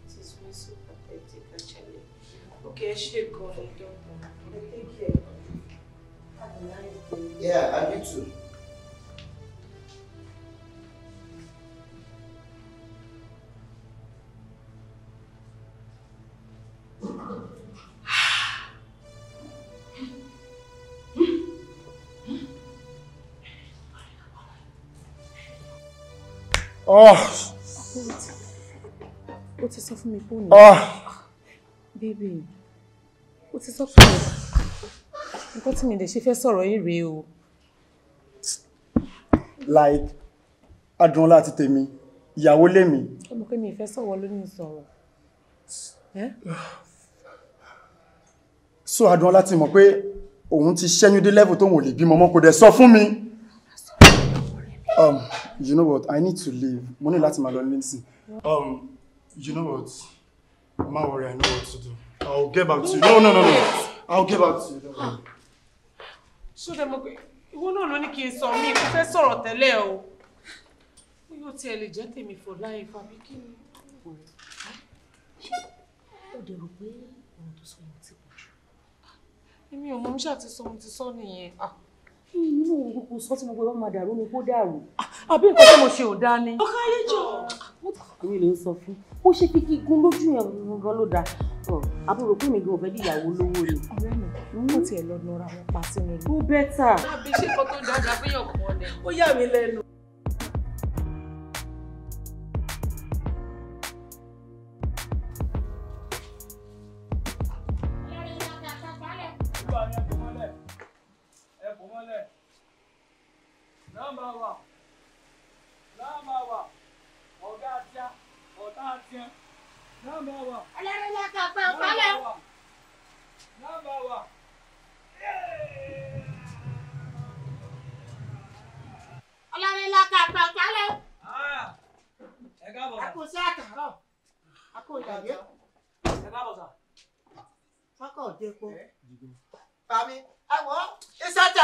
This is really so pathetic, actually. Okay, I should go. Take care. Have a nice day. Yeah, I do too. Oh. ó ti sọ fún me, pé ó ní oh. bébì ó ti sọ pé nǹkan tí mi lè ṣe fẹ́ sọ̀rọ̀ yìí rèé o. like adùnlá àti tèmi ìyàwó me. I'm mọ̀ pé mi ìfẹ́ sọ̀wọ́ ló ní sọ̀rọ̀. so adùnlá ti mọ̀ pé òun ti ṣẹ́yún dé level to ò Be bímọ mọ́ kò dẹ̀ sọ me. Um, you know what i need to leave Money ní láti máa lọ um you know what ma worry i know what to do I'll get back to you no no no no I'll get back to you. So dẹ́ mo pé ìwọ náà ló ní kí n sọ mí kó fẹ́ sọ̀rọ̀ tẹ́lẹ̀ o mi yóò tiẹ̀ lè jẹ́ tèmi for life àbí kí ni. ṣé o dèrò pé ohun tó sọ yẹn ti pọ̀ jù. èmi ò mọ̀ ń ṣàtìsọ ohun ti sọ nìyẹn. Ah èmi náà wọn gbogbo sọ tí mo gbọ́dọ̀ máa dàrú ni kó dàrú àbí nǹkan tí mo ṣe ò dáa ni. ọkọ ayé jọ. wọn ti kúrò ló ń sọ fún bó ṣe fi kí igun lójú yẹn gan ló dáa àbúrò pé mi gan ọbẹ dìyàwó lówó ni. ọ̀rẹ́ mi mo hmm? tiẹ̀ lọ nọra wọn pa sínú ilé. ó bẹ́tà. àbí ṣe kọ́ tó ó yà mí lẹ́nu.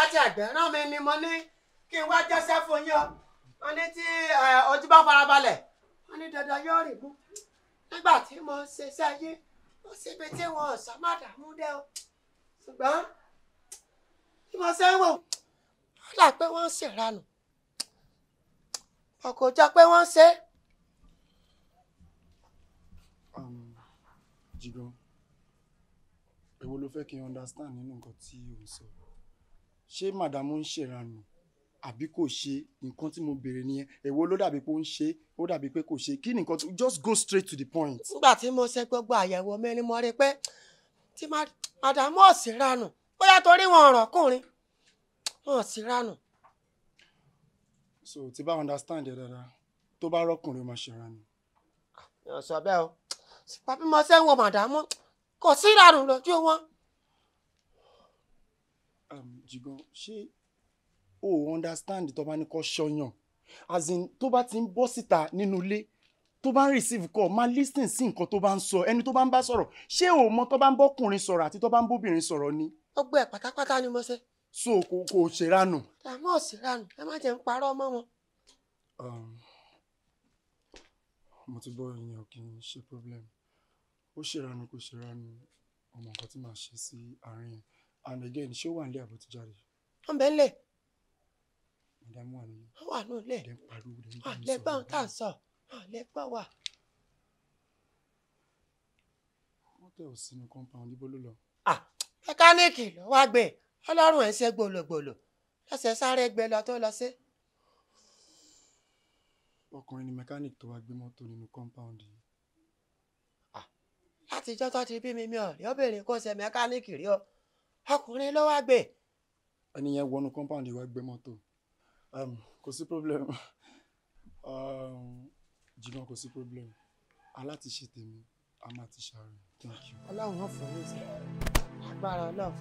láti àgbẹ̀rán mi ni mo ní kí n wá jẹ́sẹ́ fún yín o wọ́n ní tí ojú bá farabalẹ̀ wọ́n ní dandan yóò rìn mú nígbà tí mo ṣiṣẹ́ yé ó sì fi tí wọn sọ má dààmú dé o ṣùgbọ́n bí mo ṣe ń wò ó là pé wọ́n ń ṣèranù ọkọ̀ jọ pé wọ́n ṣe é. Jìgan, èwo ló fẹ́ kí n understand nínú nǹkan tí ò ń sọ? ṣé màdàmú ń ṣèrànù àbí kò ṣe nǹkan tí mo béèrè nìyẹn èwo ló dàbí pé ó ń ṣe ó dàbí pé kò ṣe kí ni nǹkan just go straight to the point. nígbà tí mo ṣe gbogbo àyẹ̀wò mẹ́rin mo rí i pé tí màdàmú ọ̀sìn ranù bóyá torí wọn ọ̀rọ̀ kùnrin ọ̀sìn ranù. so tí bá understand ẹ dáadáa tó bá rọkùnrin ó máa ṣe ranù. ọ̀sọ̀ bẹ́ẹ̀ o pàbí mo ṣe ń wo màdàmú kò sí ìranù lójú wọn. Jigan ṣé o understand tó bá ní kọ́ ṣọyàn as in tó bá ti ń bọ́ síta nínú ilé tó bá ń receive call máa listen sí nǹkan tó bá ń sọ ẹni tó bá ń bá sọ̀rọ̀ ṣé o mọ tó bá ń bọ́kùnrin sọ̀rọ̀ àti tó bá ń bóbìnrin sọ̀rọ̀ ni. ọgbọ pátápátá ni mo ṣe. so kò kò ṣèrànù. àmọ́ ṣèrànù ẹ má jẹ́ ń parọ́ mọ́ wọn. Um, mo ti gbọ́ ìyẹn kì í ṣe problem ó ṣèrànù kò ṣèrànù ọmọ nǹkan tí màá ṣe sí àárín yẹn and again ṣé ó wà nílé to ti I'm wọn And then one, wà nílẹ̀. ó wà nílẹ̀. lẹ́ ń pariwo lẹ́ ń bá mi sọ. What else in the compound? You bá wà. wọ́n tẹ̀ ọ́ sínú compound ibo ló lọ. mẹkáníìkì ló wá gbé ọlọ́run ẹ̀ Sorry, ṣe gbòlògbòlò lọ́sẹ̀ sáré gbé lọ tó lọ sí. ọkùnrin ni mẹkáníìkì tó wá gbé mọ́tò nínú compound yìí látijọ́ tó ti bí mi mi ò rí ó béèrè kó ṣe mẹkáníìkì rí o ọkùnrin ló wá gbé. ẹni yẹn wọnú compound wa gbé mọ́tò um, kò sí problem um, jìnnà kò sí problem aláti ṣe tèmi a máa ti ṣàárẹ̀ thank you. ọlọ́run á fọwọ́ sí agbára ọlọ́run.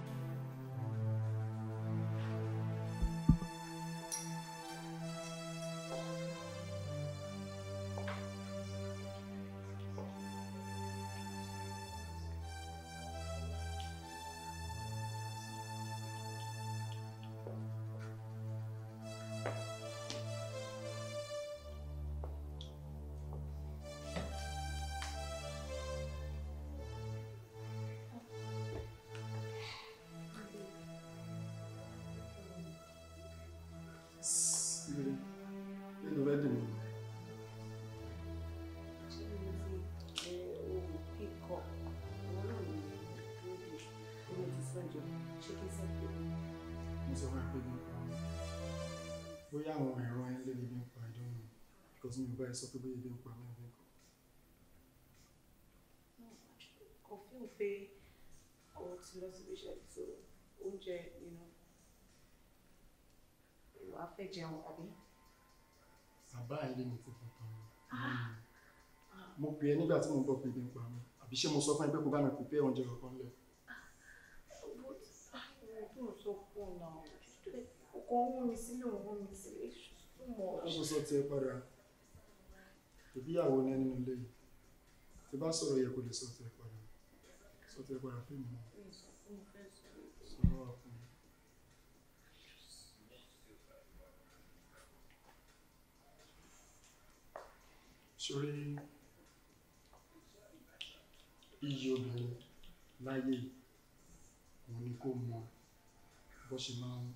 because mi ò báyìí sọ pé bóyá ebi ń pa mí àbí nǹkan. kò fíìl pé kò ti lọ síbi iṣẹ́ tó oúnjẹ nínú ìwà fẹ́ jẹun àbí. bàbá mi ti pọ̀ ah. mo pè é nígbà mo gbọ́ pé ebi ń pa mí àbí ṣé mo sọ fún ẹ pé kò bá mi pèpè oúnjẹ kankan lẹ. ọkọ̀ ń mi sílẹ̀ ń mi sílẹ̀ ṣùgbọ́n mo. ó sọ tiẹ̀ padà ìbíyàwó ní nínú ilé yìí tí bá sọ̀rọ̀ yẹ kó lè sọ tẹ̀ padà sọ tẹ̀ padà fún mi náà sọ̀rọ̀ ọkùnrin. sórí iye obìnrin láyé òun ni kó mọ bó ṣe máa ń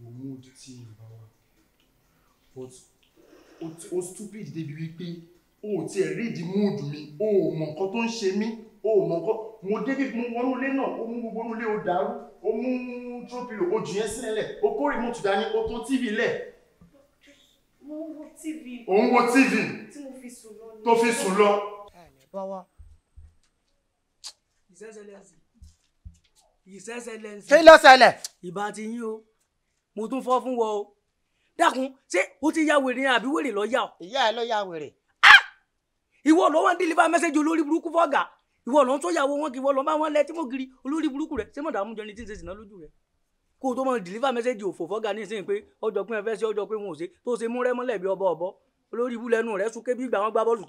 wo mood tí ìbá wa but ó stupid débi wípé o ò tiẹ̀ rí ìdí múùdù mi o ò mọ nǹkan tó ń ṣe mí o ò mọ nǹkan mo débi mo wọnú ilé náà ó mú gbogbo ilé o dàrú ó mú trópìlì o jù yẹn sílẹ̀ lẹ̀ o kórè mọ́tò dání o tán tv lẹ̀. mo ń wo tv. ò ń wo tv. tí mo fi sùn lọ. tó fi sùn lọ. ìṣẹ́ṣẹlẹ̀ kí ló ṣẹlẹ̀. ìbá ti yín o mo tún fọ́ fún wọn o dákun ṣé o ti ya wèrè yẹn àbí wèrè ló yà ọ́. ìyá ẹ ló ya wèrè ìwọ ló wá ń deliver message olórí burúkú fọ́gà ìwọ ló ń tó yàwó wọn kì ìwọ ló máa wọn lẹ tí mo giri olórí burúkú rẹ ṣé mọ̀dàmú jọ ni tí ń ṣe sìnà lójú rẹ kó o tó máa deliver message òfò fọ́gà ní ìsìn pé ọjọ́ pé ẹ fẹ́ ṣe ọjọ́ pé wọn ò ṣe tó ṣe mú rẹ́mọ́lẹ̀ bí ọbọ̀ ọbọ̀ olórí ibú lẹ́nu rẹ̀ sunké bí ìgbà wọn gbá bọ́ọ̀lù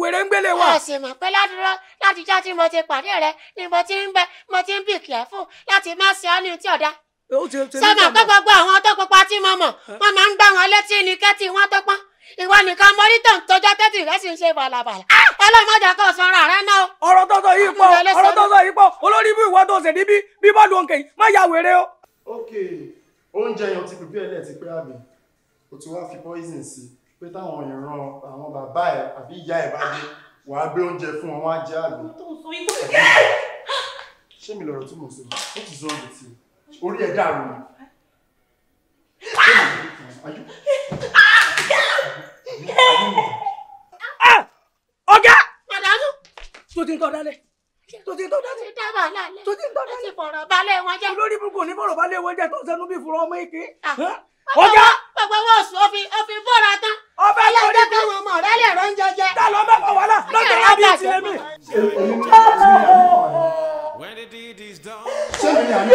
wèrè ń gbélé wa. ọ̀sìn mọ̀ pé ládùúrọ̀ láti tí mo ti pàdé rẹ ni mo ti ń bẹ mo ti ń bì kìlẹ̀ fún láti má ṣe ọ́ ní ti ọ̀dà. sọ ma pé gbogbo àwọn tó pupa tí mo mọ̀ wọ́n máa ń gbá wọn létí ní kẹ́tì wọn tó pọ́n ìwọ nìkan mọ́rí tó ń tọjọ́ tẹ́tì rẹ sì ń ṣe bàlàbàlà ah! ọlọ́mọdé kò sanra rẹ náà. ọ̀rọ̀ tó sọ yìí pọ̀ ọ̀rọ̀ tó sọ yìí pọ̀ olórí bí ìwọ tó ṣe ní bí bí bọ́ọ̀lù òǹkè yìí má ya wèrè o. ok oúnjẹ yẹn ti pèpè ẹlẹ ti pé àmì o ti wá fi poison sí pé táwọn ìran àwọn bàbá ẹ àbí ìyá ẹ bá dé wà á gbé oúnjẹ fún wọn wá jẹ àmì. ṣé mi lọ̀rọ̀ tí mo sọ ó ti sọ ah! ọ́ ọ̀gá. pàdánù. tó ti ń tọ́ dálẹ̀ tó ti ń tọ́ dálẹ̀ tó ti ń tọ́ dálẹ̀. fọ̀rọ̀ balẹ̀ wọn jẹ́. olórí burúkú ní fọ̀rọ̀ balẹ̀ wọn jẹ́ tó ń sẹnu bí fúra ọmọ èké. Ah. ọ̀gá. pàpà wọ́n sùn ó fi ó fi bóra tán. ọbẹ̀ lórí bí. ayé ọjọ́ àwọn ọmọ rẹ̀ lè rán jẹjẹ. tá ló mẹ́fà wàhálà lọ́jọ́ rábì ìtìlẹ̀ mi. ṣé mi ni àná.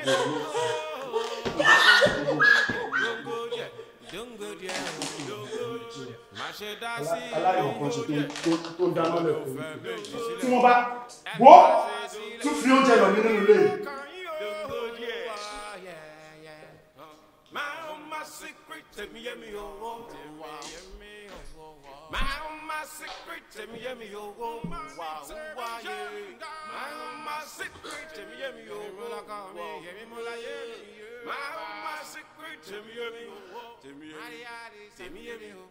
aláyọ̀ kan ṣe tó dáná lẹ́kọ̀ọ́ tí wọ́n bá wọ́ tún fi oúnjẹ lọ nínú ilé yìí My own my secret, tell secret mi yẹ mi owó wà wúwa yé máa ma secret mi yẹ mi owó wà wúwa yé máa ma secret mi yẹ mi owó tèmi yẹ mi o.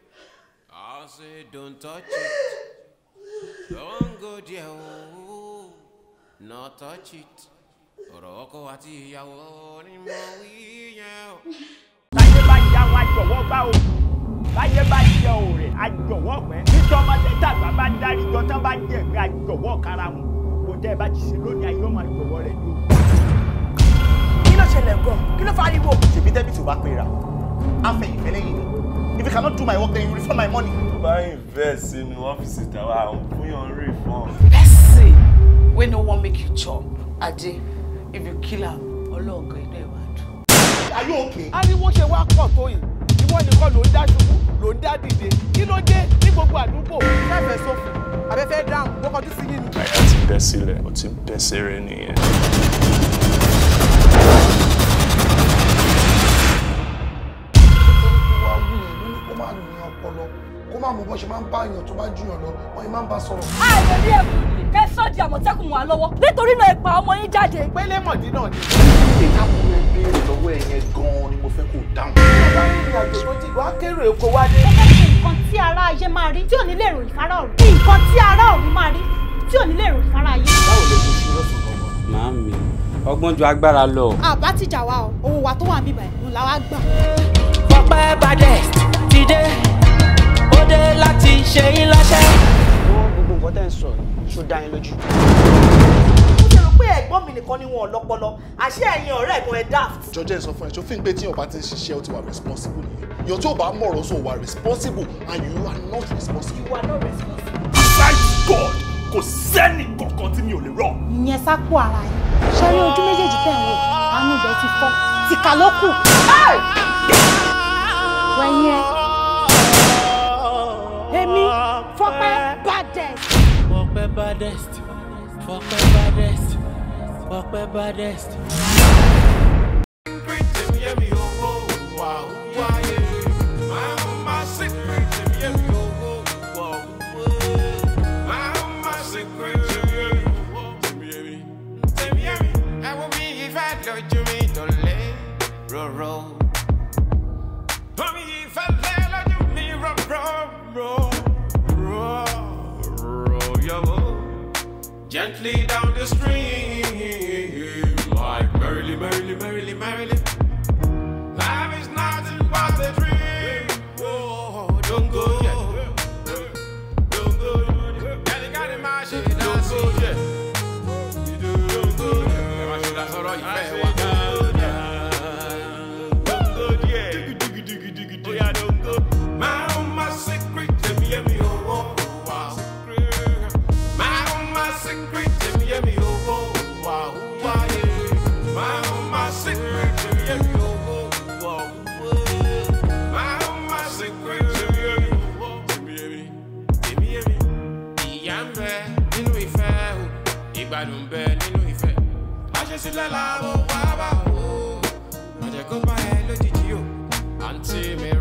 I say don't touch it, don't go there, oh, not touch it. Ọ̀rọ̀ ọkọ àti ìyàwó ni mo wí yẹn o. Táyé bá yá wa jọ̀wọ́ bá o báyé bá jẹ òòrè àjọwọ́ pẹ́ nítọ́mọdé tàgbà bá darí jọ tán bá jẹ pé àjọwọ́ kára mu kò tẹ́ ẹ bá ti ṣe lónìí ayé ọmọ àjọwọ́ rẹ̀ ló. kí ló ṣẹlẹ̀ gan kí ló fariwo. ṣèbí débìtì ò bá pera afẹ́yìnfẹ́ lẹ́yìn ni if you cannot do my work then you refund my money. tó bá invest sínú ọ́fíìsì tàwa àwọn fúnyàn ń refund. person wey no wan make you chop Ade if you kill am ọlọ́ọ̀gá inú ẹ̀ wá dùn. are you okay? ariwo ṣe wá pọ̀ tó yìí ìwọ nìkan ló ń dá ṣubú ló ń dá dìde kí ló dé ní gbogbo àdúgbò. fẹ́ẹ̀fẹ́ sọ̀fù abẹ́fẹ́ dáhùn wọ́n kọjú sí yín ni. àyà ti bẹ́ sílẹ̀ ó ti bẹ́ sèré nìyẹn. kó má mú àmọ̀tẹ́kùn wà lọ́wọ́ nítorí náà ẹ ọmọ yín jáde. ìpele mọ̀dí ni. ìjà kò rẹ̀ béèrè lọ́wọ́ ẹ yẹn gan-an ni mo fẹ́ kó dáhùn. ọba rìnrìn àjò tó ti gbọ́ akérò èkó wálé. mo fẹ́ kí nǹkan tí ara ayé máa rí tí ò ní lè ròyìn fara ọ̀run. kí nǹkan tí ara ọ̀run máa rí tí ò ní lè ròyìn fara ayé. báwo lè ṣe ṣe lọ́sùn lọ́wọ́. màámi ọgbọ́n ju agbára lọ. àbá ti jà wá o owó wa tó wà níbà ń la wá gbà. pọpẹ́ bàdẹ̀ ti dé ó dé láti ṣe yín láṣẹ. gbogbo nǹkan tẹ́ ń sọ ṣó dá yín lójú ẹ̀gbọ́n mi nìkan ni wọn ò lọ́pọlọ àṣé ẹ̀yin ọ̀rẹ́ ẹ̀gbọ́n ẹ daft. jọjọ ẹ sọ fún ẹ tó fi ń gbé tí ọba ti ń ṣiṣẹ́ ó ti wà responsible nìyẹn yọ tí ò bá mọ̀rọ̀ sọ wà responsible and you are not responsible. you are not responsible. My God kò sẹ́ni kankan tí mi ò lè rọ. ìyẹn sápò ara yìí ṣẹ́rí ojú méjèèjì tẹ̀ ń wò àánú ibẹ̀ ti fọ́ tìkà ló kù. wẹ̀yìn ẹ èmi fọpẹ́ baddest. fọpẹ́ baddest fọpẹ́ baddest. ọpẹ́ baddest. Gently down the stream merrily, merrily, merrily. i am wò ó. má jẹ́ kó bá ẹ lójijì o ma je anti